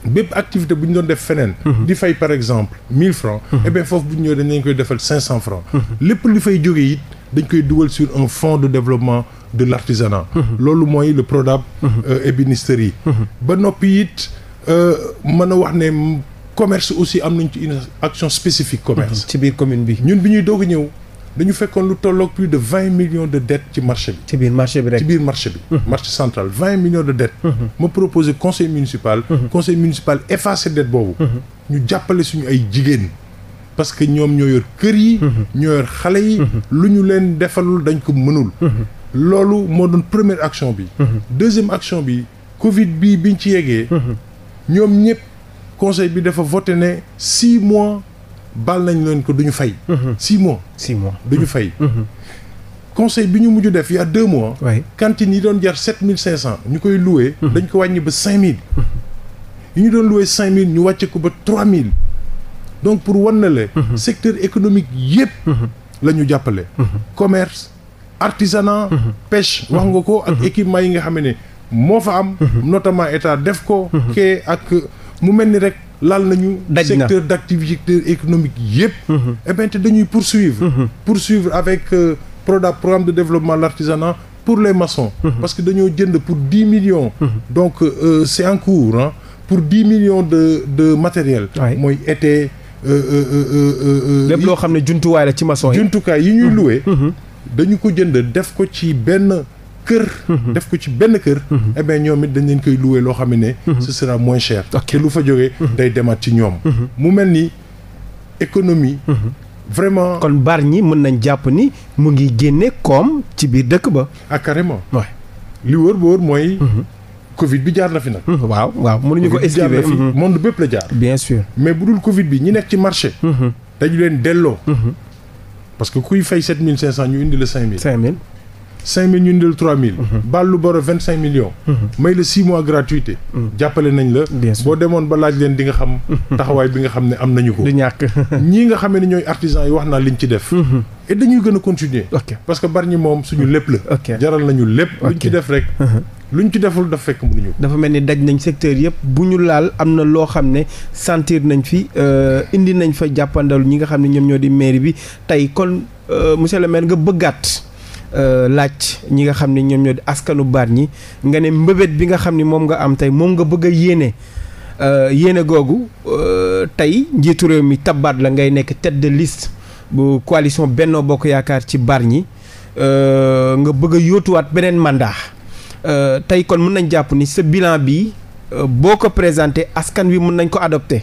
bépp activité bu ñu doon def feneen. di fay par exemple mille francs. et eh bien foofu bu ñu ñëwee dañ leen koy defal cinq cent francs. lépp li fay jógee it. dañ koy dugal sur un fonds de développement de l'artisanat mhm. loolu mooy le PRODAB mhm. euh, ébénisterie yi mhm. ba noppi it euh, mën a wax ne commerce aussi am nañ ci une action spécifique commerce ci biir commune bi ñun bi ñuy doog ñëw dañu fekkoon lu tolloog plus de vingt millions de dettes ci marché bi. ci biir marché bi rek ci biir marché bi. marché central vingt millions de dettes. ma proposé conseil municipal. conseil municipal effacé dette boobu. ñu jàppale suñu ay jigéen. parce que ñoom ñoo yor kër yi. Mhm. ñoo yor xale yi. Mhm. lu ñu leen defalul dañ ko mënul. Mhm. loolu moo doon première action bi. deuxième action bi Covid bii biñ ci yeggee. ñoom ñëpp conseil bi dafa voté ne six mois bal nañ leen ko duñu fay. six mois six mois duñu fay. conseil bi ñu mujj def il y a deux mois. waay yi doon jar sept mille cinq cent ñu koy loué. dañ ko wàññi ba cinq mille. yi ñu doon loué cinq mille ñu wàcce ko ba trois mille. donc pour wan na la mhm. secteur économique yëpp mhm. la ñu jàppale mhm. commerce artisanant pêche wax nga ko ak équipement yi nga xam ne moo fa am notamment état def ko kee ak mu mel ni rek laal nañu secteur d'activité économique yëpp et eh bien te dañuy poursuivre poursuivre avec euh, PRODAC programme de développement de l'artisanat pour les maçons parce que dañoo jënd pour dix millions donc euh, c'est en cours pour dix millions de de matériel mooy été Euh, euh, euh, lépp loo xam ne jumtuwaay la ci maçon yi. jumtukaay yi ñuy loué. dañu ko jënd def ko ci benn kër. def ko ci benn kër. eh bien ñoom it dañ leen koy loué loo xam ne. ce sera moins cher. te lu fa jóge day demaat ci ñoom. mu mel ni économie. vraiment kon bar ñi mën nañ jàpp ni mu ngi génne koom ci biir dëkk ba. ah carrément. li wër ba wër mooy. Covid bi jaar na fi nag. waaw waaw mënuñu ko esquiver fi monde bépp la jaar. mais bu dul Covid bi ñi nekk ci marché. dañu leen delloo. parce que kuy fay sept ñu indi la cinq mille. cinq mille. cinq mille ñu indil trois mille. baal lu boro vingt cinq millions. may la six mois gratuité. jàppale nañ la. boo demoon ba laaj leen di nga xam. taxawaay bi nga xam ne am nañu ko. du ñii nga xam ne ñooy artisans yi wax naa liñ ci def. et dañuy gën a continuer. parce que bari ñi moom suñu lépp la. jaral nañu lépp luñ ci def rek. lu luñ ci deful dafa fekk mënuñu dafa mel ni daj nañ secteur yëpp bu ñu laal am na loo xam ne sentir nañ fi euh, indi nañ fa jàppandalu ñi nga xam ne ñoom ñoo di mairie bi tey kon euh, monsieur le maire nga bëggaat euh, laaj ñi nga xam ne ñoom ñoo di askanu baat ñi nga ne mbëbët bi nga xam ne moom nga am tey moom nga bëgg a yéene yéene googu tey njiitu réew mi tabaat la ngay nekk tête de liste bu coalition Benno Bokk Yaakaar ci Bargny nga bëgg yootuwaat beneen mandat Euh, tey kon mën nañ jàpp ni sa bilan bi euh, boo ko présenté askan wi mën nañ ko adopté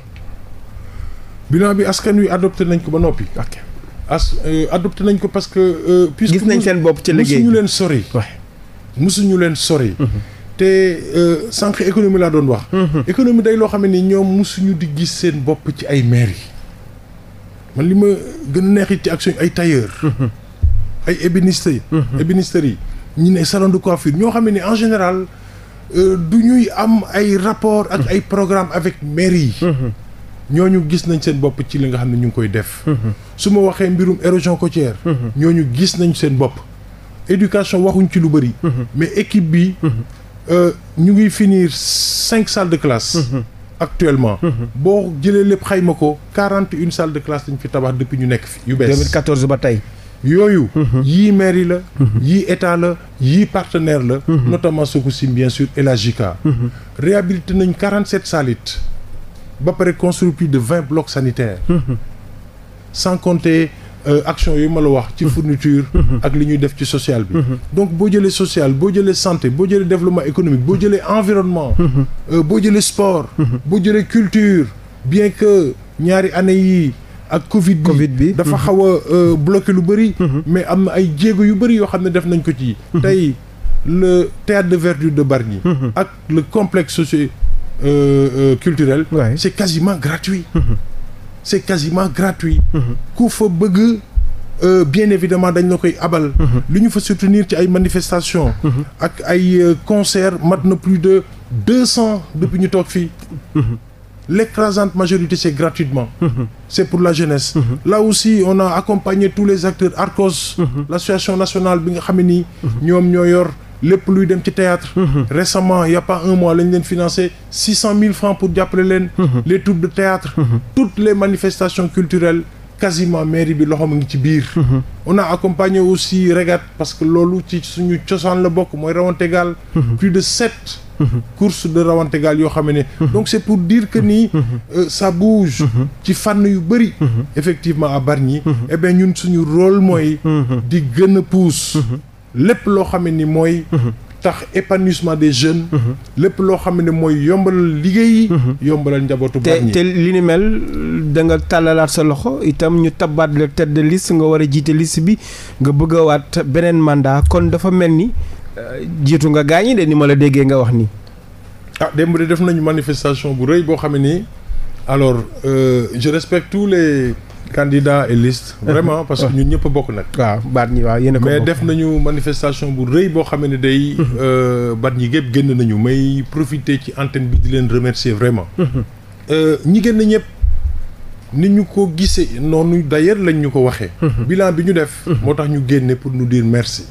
bilan bi askan wi adopté nañ ko ba noppi ok as euh, adopté nañ ko parce que puisque gis nañ seen bopp ci liggéey musuñu leen sori musuñu leen sori mhm. te sànq économie laa doon wax mhm. économie day loo xam ne ni ñoom musuñu di gis seen bopp ci ay maires yi man li ma gën a neexit ci action ay tailleur mhm. ay ébéniste yi ébénisterie yi ñi ne salon de coiffure ñoo xam ne en général euh, du ñuy am ay rapport ak ay programme avec mairie yi mhm. ñu gis nañ seen bopp ci li nga xam ne ñu ngi koy def mhm. su ma waxee mbirum érosion mhm. ñoo ñu gis nañ seen bopp éducation waxuñ ci lu bëri mais équipe bi euh, ñu ngi finir cinq salles de classe actuellement boo jëlee lépp xayma ko quarante et une salles de classe dañ fi tabax depuis ñu nekk fi yu bees 2014 ba tey yooyu mhm. yii mairie la mhm. yii état la yii partenaire la mhm. notamment Sococim bien sûr et la JICA réhabilité nañ quarante sept salites ba pare construit plus de vingt blocs sanitaires sans compter euh, action yu ma la wax ci fourniture ak li ñuy def ci social bi donc boo jëlee social boo jëlee santé boo jëlee développement économique boo jëlee environnement euh, boo jëlee sport boo jëlee culture bien que ñaari année yi ak Covid bi bi dafa mhm. xaw a euh, bloqué lu bëri. Mhm. mais am na ay jéego yu bëri yoo xam ne def nañ ko ci. Mhm. tey le théâtre de verdure de Bargny. ak le complexe socio euh, euh, culturel. Ouais. c'est quasiment gratuit. c'est quasiment gratuit. ku fa bëgg. Euh, bien évidemment dañ la koy abal li ñu fa soutenir ci ay manifestations ak ay concerts mat na plus de deux cents depuis ñu toog fii l'écrasante majorité c'est gratuitement mhm. c'est pour la jeunesse mhm. là aussi on a accompagné tous les acteurs Arcos mhm. l'association nationale bi nga xam ne nii ñoom ñoo yor lépp luy dem ci théâtre récemment il y a pas un mois lañ leen financé six cent mille francs pour jàppale leen les troupes de théâtre toutes les manifestations culturelles quasiment mairie bi loxo mu ngi ci biir on a accompagné aussi régate parce que loolu ci suñu cosaan la bokk mooy rawante gaal plus de sept course de rawante yoo xam ne mhm. donc c'est pour dire que ni mhm. euh, ça bouge mhm. ci fànn yu bëri effectivement à Bargny eh ñun suñu rôle mooy di gën a pousse lépp loo xam ne ni mooy tax épanouissement des jeunes lépp loo xam ne mooy yombalal liggéey yombalal njabootu Bargny te li ni mel da nga tàllalaat sa loxo itam ñu tabaat la tête de liste nga war a jiite liste bi nga bëgg a waat beneen mandat kon dafa mel ni jiitu nga gaañi de ni ma la déggee nga wax nii. ah démb de def nañu manifestation bu rëy boo xam ne nii alors euh, je respecte tous les candidats et listes. vraiment parce que ñun ñëpp a bokk nag. waaw baat ñi waaw mais def nañu manifestation bu rëy boo xam ne day. Euh, baat ñi gépp génn nañu may profiter ci antenne bi di leen remercier vraiment. Euh, ñi génn ñëpp. ni ñu ko gisee noonu d'ailleurs lañ ñu ko waxee. bilan bi ñu def. moo tax ñu génne pour nous dire merci.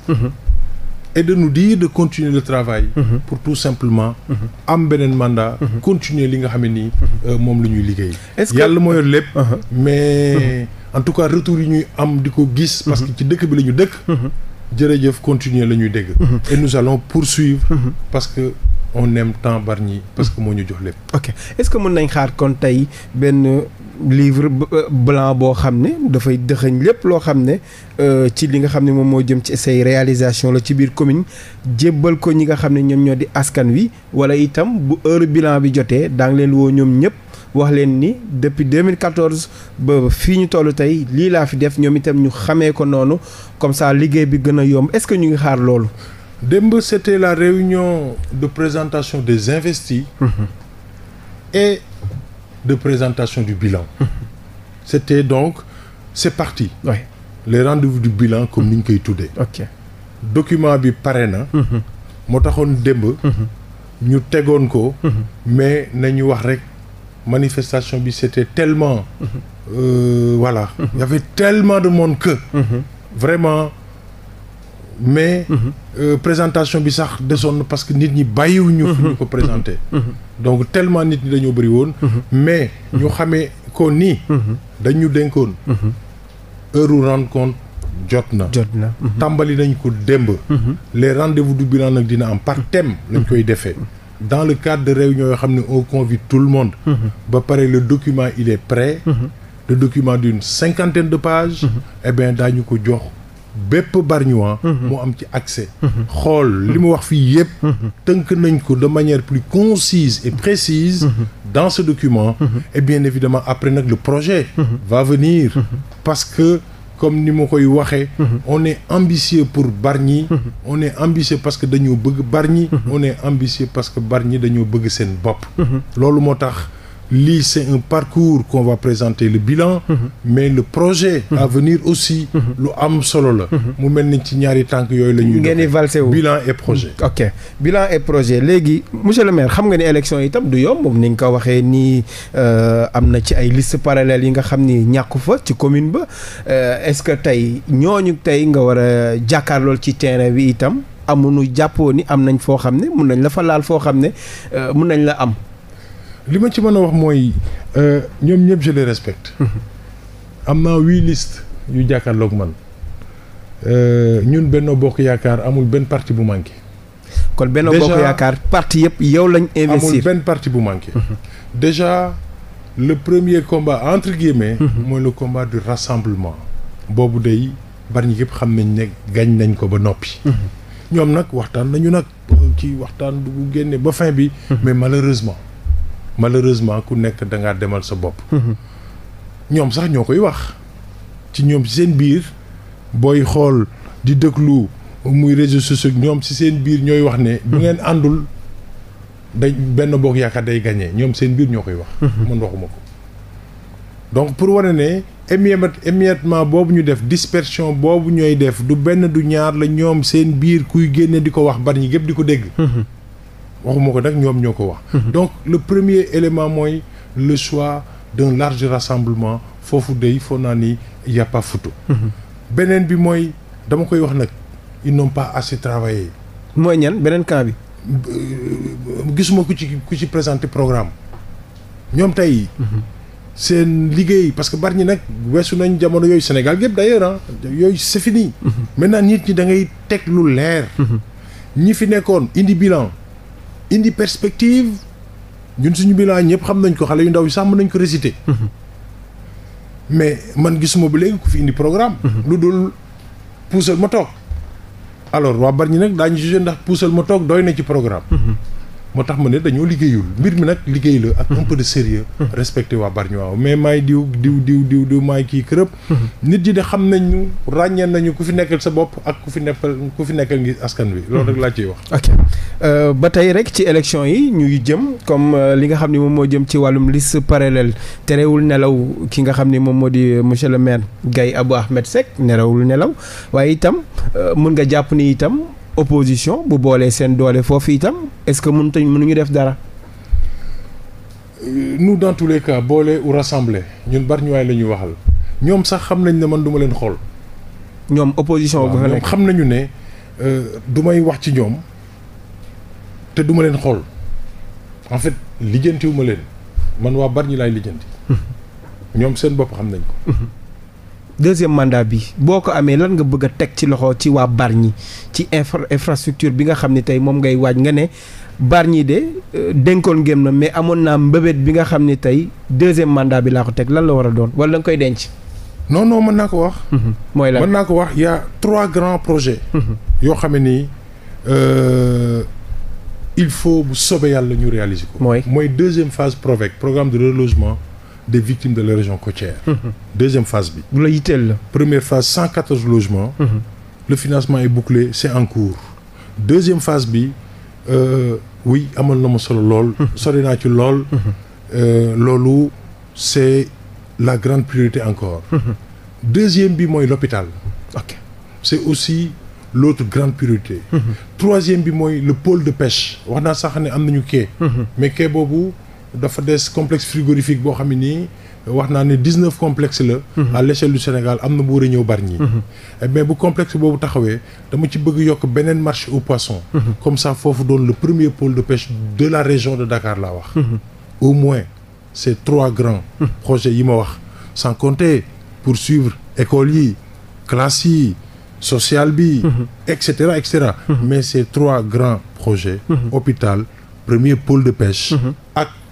et de nous dire de continuer le travail. Mm-hmm. pour tout simplement. Mm-hmm. am beneen mandat. Mm-hmm. continuer li nga xam ne nii. Euh, moom la ñuy liggéey. est-ce yàlla moo yor lépp. mais en tout cas retour yi ñuy am di ko gis. parce que ci dëkk bi la ñu dëkk. jërëjëf continuer la ñuy dégg. et nous allons poursuivre. parce que on aime tant Bargny parce que moo ñu jox lépp. ok est-ce que mën nañ xaar kon tey benn. livre euh, blanc boo xam ne dafay dëxëñ lépp loo xam ne euh, ci li nga xam ne moom moo jëm ci say réalisation la ci biir commune jébbal ko ñi nga xam ne ñoom ñoo di askan wi wala itam bu heure bilan bi jotee daa ngi leen woo ñoom ñëpp wax leen ni depuis 2014 ba fii ñu toll tey lii laa fi def ñoom itam ñu xamee ko noonu comme ça liggéey bi gën a yomb est-ce que ñu ngi xaar loolu. démb c'était la réunion de présentation des investis. de présentation du bilan. c'était donc c'est parti. oui les rendez-vous du bilan comme ni ñu koy tuddee. ok document bi pare na. Mhm. moo taxoon démb. Mhm. ñu tegoon ko. Mhm. mais na nañu wax rek manifestation bi c'était tellement. Euh, voilà. il y avait tellement de monde que. vraiment. mais euh, présentation bi sax desoon na parce que nit ñi bàyyiwuñu fu ñu ko présenté donc tellement nit ñi dañoo bëri woon mais ñu xamee ko nii dañu dénkoon heure rencontre jot na jot na tàmbali nañ ko démb les rendez-vous du bilan nag dina am par thème lañ koy defee dans le cadre de réunion yoo xam ne on convie tout le monde ba pare le document il est prêt le document d'une cinquantaine de pages eh daañu ko jox bépp bargnois moo mhm. am ci accès mhm. xool li mu wax fii yëpp mhm. tënk nañ ko de manière plus concise et précise dans ce document et bien évidemment après nag le projet va venir parce que comme ni ma koy waxee on est ambitieux pour Bargny on est ambitieux parce que dañoo bëgg Bargny on est ambitieux parce que Bargny dañoo bëgg seen bopp loolu lii c'est un parcours qu'on va présenter le bilan mhm. mais le projet à mhm. venir aussi mhm. lu am solo la mu mel ni ci ñaari tànk yooyu lañu ngeen di valsé wu bilan et projet ok bilan et projet léegi monsieur le maire xam nga ni élection itam du yomb moom ni nga ko waxee nii euh, am na ci ay liste parallèle yi nga xam ni ñàkku fa ci commune ba euh, est-ce que tey ñooñu tey nga war a jàkkaarlool ci terrain bi itam amuñu jàppoo ni am nañ foo xam ne mun nañ la fa laal foo xam ne euh, mun nañ la am li ma ci mën a wax mooy euh, ñoom ñëpp je les respecte. am naa huit listes yu jàkkaarloog man euh, ñun Benno Bokk Yaakaar amul benn parti bu manqué. kon Benno Bokk Yaakaar parti yëpp yow lañ. investir amul benn parti bu manqué. Mhm. déjà le premier combat entre guillemets. Mhm. mooy le combat du rassemblement. boobu day bari ñi yëpp xam nañ ne gañ nañ ko ba noppi. Mhm. ñoom nag waxtaan nañu nag ci waxtaan bu génne ba fin bi. mais malheureusement. malheureusement ku nekk da demal sa bopp. ñoom sax ñoo koy wax. ci ñoom ci seen biir booy xool di déglu muy réseaux sociaux ñoom ci seen biir ñooy wax ne. du ngeen àndul da benn bokk yaakaar day gagné ñoom seen biir ñoo koy wax. man waxuma ko donc pour wane ne émiettement boobu ñu def dispersion boobu ñooy def du benn du ñaar la ñoom seen biir kuy génne di ko wax bari ñi gépp di ko dégg. waxuma ko nag ñoom ñoo ko wax. Mhm. donc le premier élément mooy le choix d'un large rassemblement foofu day foog naa ni y a mhm. beneen bi mooy dama koy wax nag ils n'ont pas assez travaillé. mooy ñan beneen camp bi. Euh, gisuma ku ci ku ci présenté programme ñoom tey. Mhm. seen liggéey parce que bari ñi nag weesu nañ jamono yooyu Sénégal yëpp day ah yooyu c'est fini. maintenant nit ñi da ngay teg lu leer. ñi fi nekkoon indi bilan. indi perspective ñun suñu bilan ñëpp xam nañ ko xale yu ndaw yi sax mën nañ ko résité mais man gisuma bu léegi ku fi indi programme. Mhm. lu dul puusal ma toog. alors waa bari ñi nag daañu jugé ndax puusal ma toog doy na ci programme. Mhm. moo tax ma ne dañoo liggéeyul mbir mi nag liggéey la ak un peu de sérieux respecté waa Bargny waaw mais maay diw diw diw diw diw maay kii kërëb nit yi de xam nañ ñu ràññee nañu ku fi nekkal sa bopp ak ku fi nekkal ku fi nekkal ngi askan wi loolu rek laa ciy wax ok euh, ba tey rek ci élection yi ñuy jëm comme euh, li nga xam ne moom moo jëm ci wàllum liste parallèle terewul nelaw ki nga xam ni moom moo di euh, monsieur le maire Gaye Abou Ahmed Seck nerewul nelaw waaye itam mën nga jàpp ni itam opposition bu boolee seen doole foofu itam est-ce que mënut a mënuñu def dara. Euh, nous dans tous les cas boole ou ñun Bargny-Waly la ñuy waxal ñoom sax xam nañ ne man duma leen xool. ñoom opposition bu fa nekk xam nañu ne euh, du may wax ci ñoom te duma leen xool en fait lijjantiwu leen man waa Bargny laay lijjanti. Hmm. ñoom seen bopp xam nañ ko. Hmm. deuxième mandat bi boo ko amee lan nga bëgg a teg ci loxo ci waa Bargny ci infra infrastructure bi nga xam ne tey moom ngay waaj nga ne Bargny de euh, dénkoon ngeen na mais amoon naa mbëbët bi nga xam ni tey deuxième mandat bi laa ko teg lan la war a doon wala nga koy denc. non non mën naa ko wax. Mhm. mooy lan mën naa ko wax yaa trois grands projets. Mhm. yoo xam ni nii euh, il faut bu soobee yàlla ñu réaliser ko. mooy mooy deuxième phase PROVEC programme de relogement. des victimes de l'érosion côtière. Mmh. deuxième phase bi. bu la yitteel la. première phase cent quatorze logements. Mmh. le financement est bouclé c'est en cours. deuxième phase bi euh, oui amal na ma solo lool. Mhm. sori naa ci lool. Mhm. Euh, loolu c'est la grande priorité encore. Mhm. deuxième bi mooy l'hôpital. ok c'est aussi l'autre grande priorité. troisième bi mooy le pôle de pêche wax naa sax ne am nañu mais quai boobu. dafa des complexe frigorifique boo xam ne nii wax naa ne dix neuf complexe la. Mhm. à l'échelle du Sénégal am na bu war a ñëw Bargny. Mhm. mais bu complexe boobu taxawee dama ci bëgg yokk beneen marché au poisson. Mhm. comme ça foofu doon le premier pôle de pêche de la région de Dakar laa wax. au moins ces trois grands. projets yi ma wax sans compter poursuivre école yi classe yi. social bi. et cetera et cetera. mais ces trois grands projets. hôpital premier pôle de pêche.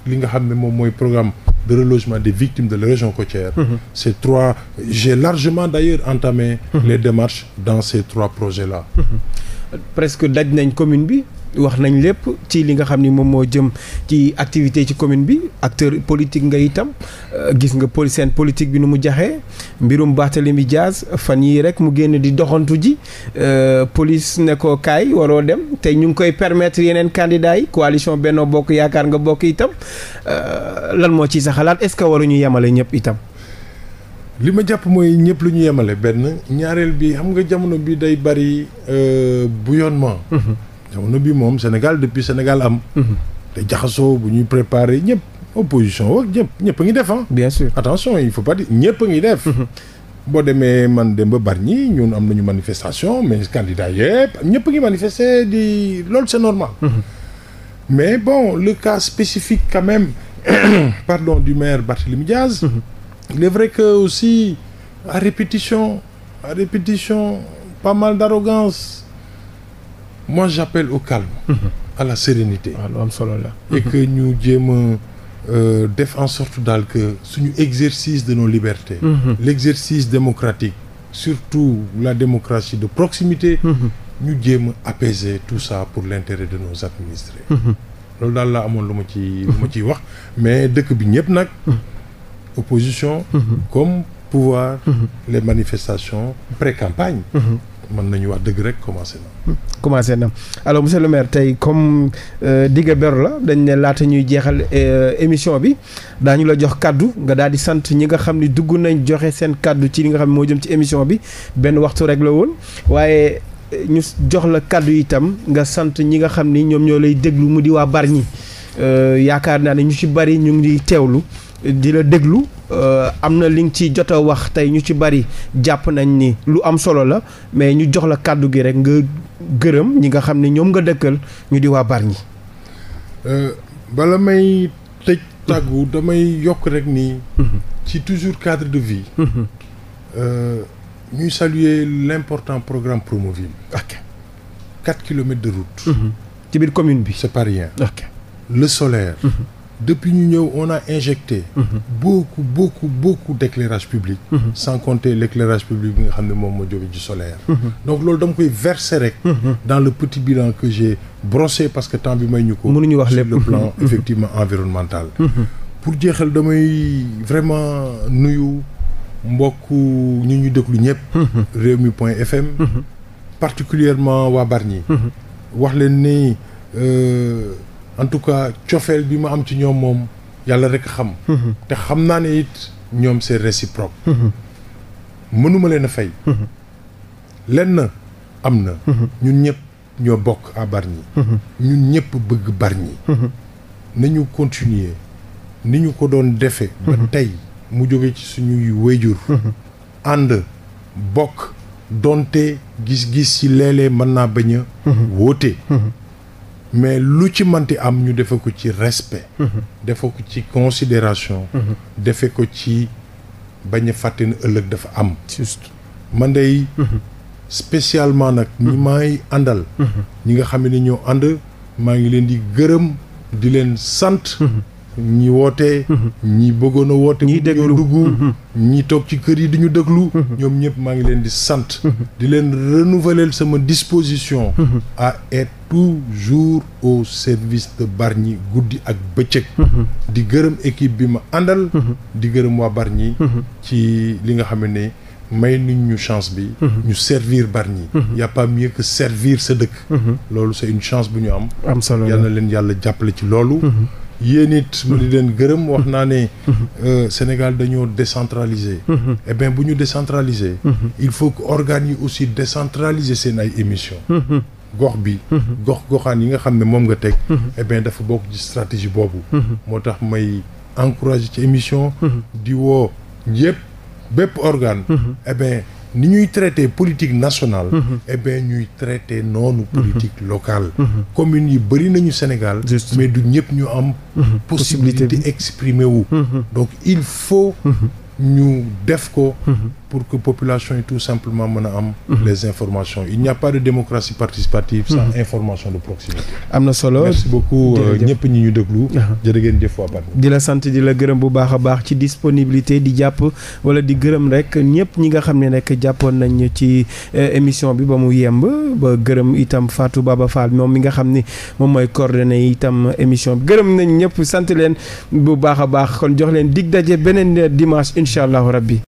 li nga xam ne moom mooy programme de relogement des victimes de la région côtière mhm. ces trois j'ai largement d'ailleurs entamé mhm. les démarches dans ces trois projets là mhm. presque daj nañ commune bi wax nañ lépp ci li nga xam ni moom moo jëm ci activité ci commune bi acteur politique nga itam euh, gis nga poli seen politique bi nu mu jaxee mbirum mi jaas fan yii rek mu génn di doxantu ji euh, police ne ko kaay waroo dem te ñu ngi koy permettre yeneen candidats yi coalition Benno Bokk Yaakaar nga bokk itam euh, lan moo ci sa xalaat est-ce que waruñu yemale ñëpp itam. li ma jàpp mooy ñëpp lu ñu yemale benn ñaareel bi xam nga jamono bi day bari bouillonnement. Mm-hmm. jamono bi moom Sénégal depuis Sénégal am. Mhm. te jaxasoo bu ñuy préparer ñëpp opposition wak ñëpp ñëpp a ngi def ah. bien sûr attention il faut pas dire ñëpp a ngi def. Mhm. boo demee man dem ba bari ñi ñun am ñu manifestation mais candidat yëpp ñëpp a ngi manifester di loolu c'est normal. Mhm. mais bon le cas spécifique quand même pardon du maire Barthélémy Diaz. il est vrai que aussi à répétition à répétition pas mal d'arrogance moi j'appelle au calme mhm. à la sérénité ah, solo la et que mhm. ñu jéem a euh, def en sorte daal que suñu exercice de nos libertés mhm. l'exercice démocratique surtout la démocratie de proximité ñu jéem a apaiser tout ça pour l'intérêt de nos administrés loolu daal laa amoon lu ma ci ma ciy wax mais dëkk bi ñëpp nag opposition comme pouvoir les manifestations pré-campagne mën nañu wax dëgg rek commencé na. Hmm, commencé na alors monsieur le maire tey comme euh, digg beru la dañ ne laata ñuy jeexal euh, émission bi daañu la jox kàddu nga daal di sant ñi nga xam ni dugg nañ joxe seen kàddu ci li nga xam ne moo jëm ci émission bi benn waxtu rek la woon waaye euh, ñu jox la kàddu itam nga sant ñi nga xam ni ñoom ñoo lay déglu mu di waa Bargny yaakaar naa ne ñu ci bari ñu ngi teewlu di la déglu. Euh, am na li nga ci jot a wax tey ñu ci bari jàpp nañ ni lu am solo la mais ñu jox la kàddu gi rek nga gërëm ñi nga xam ne ñoom nga dëkkal ñu di waa Bargny euh, bala may tëj tàggu mm-hmm. damay yokk rek nii mm-hmm. ci toujours cadre de vie mm-hmm. euh, ñuy saluer l'important programme Promoville ok quatre kilomètres de route ci biir commune bi c'est pas rien ok le depuis ñu ñëw on a injecté mm -hmm. beaucoup beaucoup beaucoup d'éclairage public mm -hmm. sans compter l'éclairage public bi nga xam ne moom moo jóge ci solaire mm donc loolu dama koy verser rek mhm. dans le petit bilan que j'ai parce que temps bi may ñu ko mënuñu wax lépp sur le plan mhm. mhm. pour jeexal damay vraiment nuyu mbokk ñu ñu déglu ñëpp réew mi point fm particulièrement waa Bargny wax leen ni euh, en tout cas cofeel bi ma am ci ñoom moom yàlla rek xam. Mm-hmm. te xam naa ne it ñoom seen réciproque. Mm-hmm. mënuma leen a fay. Mm-hmm. lenn am na. ñun ñëpp ñoo bokk à ñun ñëpp bëgg Bargny. nañu continuer ni ñu ko doon defee. ba tey mu jóge ci suñuy wéyjur. ànd bokk doonte gis-gis ci léeg mën naa bañ a. wóote. mais lu ci manti am ñu defe ko ci respect defe ko ci considération defe ko ci bañ a fàtte ne ëllëg dafa am juste man day mhm. spécialement nag ñi mhm. may àndal mhm. ñi nga xam ne ñoo ànd maa ngi leen di gërëm di leen sant ñi woote. Mhm. ñi bëggoon a woote. ñi déglu dugg. Mhm. ñi toog ci kër yi di ñu déglu. Mhm. ñoom ñëpp maa ngi leen di sant. di leen renouveler sama disposition. à être toujours au service de Bargny guddi ak bëccëg. di gërëm équipe bi ma àndal. di gërëm waa Bargny. ci li nga xam ne may nit ñu chance bi. ñu servir Bargny. y a pas servir sa dëkk. loolu c'est une chance bu ñu am. am solo yal leen yàlla jàppale ci loolu. yéen it ma di leen gërëm wax naa ne euh, Sénégal dañoo décentraliser eh bu ñu décentraliser il faut que organes yi aussi décentraliser seen ay émission gox bi gox goxaan yi nga xam ne moom nga teg eh bien dafa bokk ci stratégie boobu moo tax may encourager ci émission di woo yëpp bépp organe eh ni ñuy traité politique nationale. Mhm. eh ñuy traité noonu. Mhm. politique locale. Mhm. communes yi bëri nañu Sénégal. mais du ñëpp ñu am. possibilité di exprimer wu. donc il faut. ñu def ko. pour que population yi tout simplement mën a am mhm. les informations il n'y a pas de démocratie participative sans mhm. information de proximité am na solo merci beaucoup euh, ñëpp ñi ñu déglu jërë ngeen jëf waa Bargny di la sant di la gërëm bu baax a baax ci disponibilité di jàpp wala di gërëm rek ñëpp ñi nga xam ne rek jàppoon nañ ci eh, émission bi ba mu yemb ba gërëm itam Fatou Baba faal moom mi nga xam ni moom mooy coordonné itam émission bi gërëm nañ ñëpp sant leen bu baax a baax kon jox leen dig daje beneen dimanche incha allahu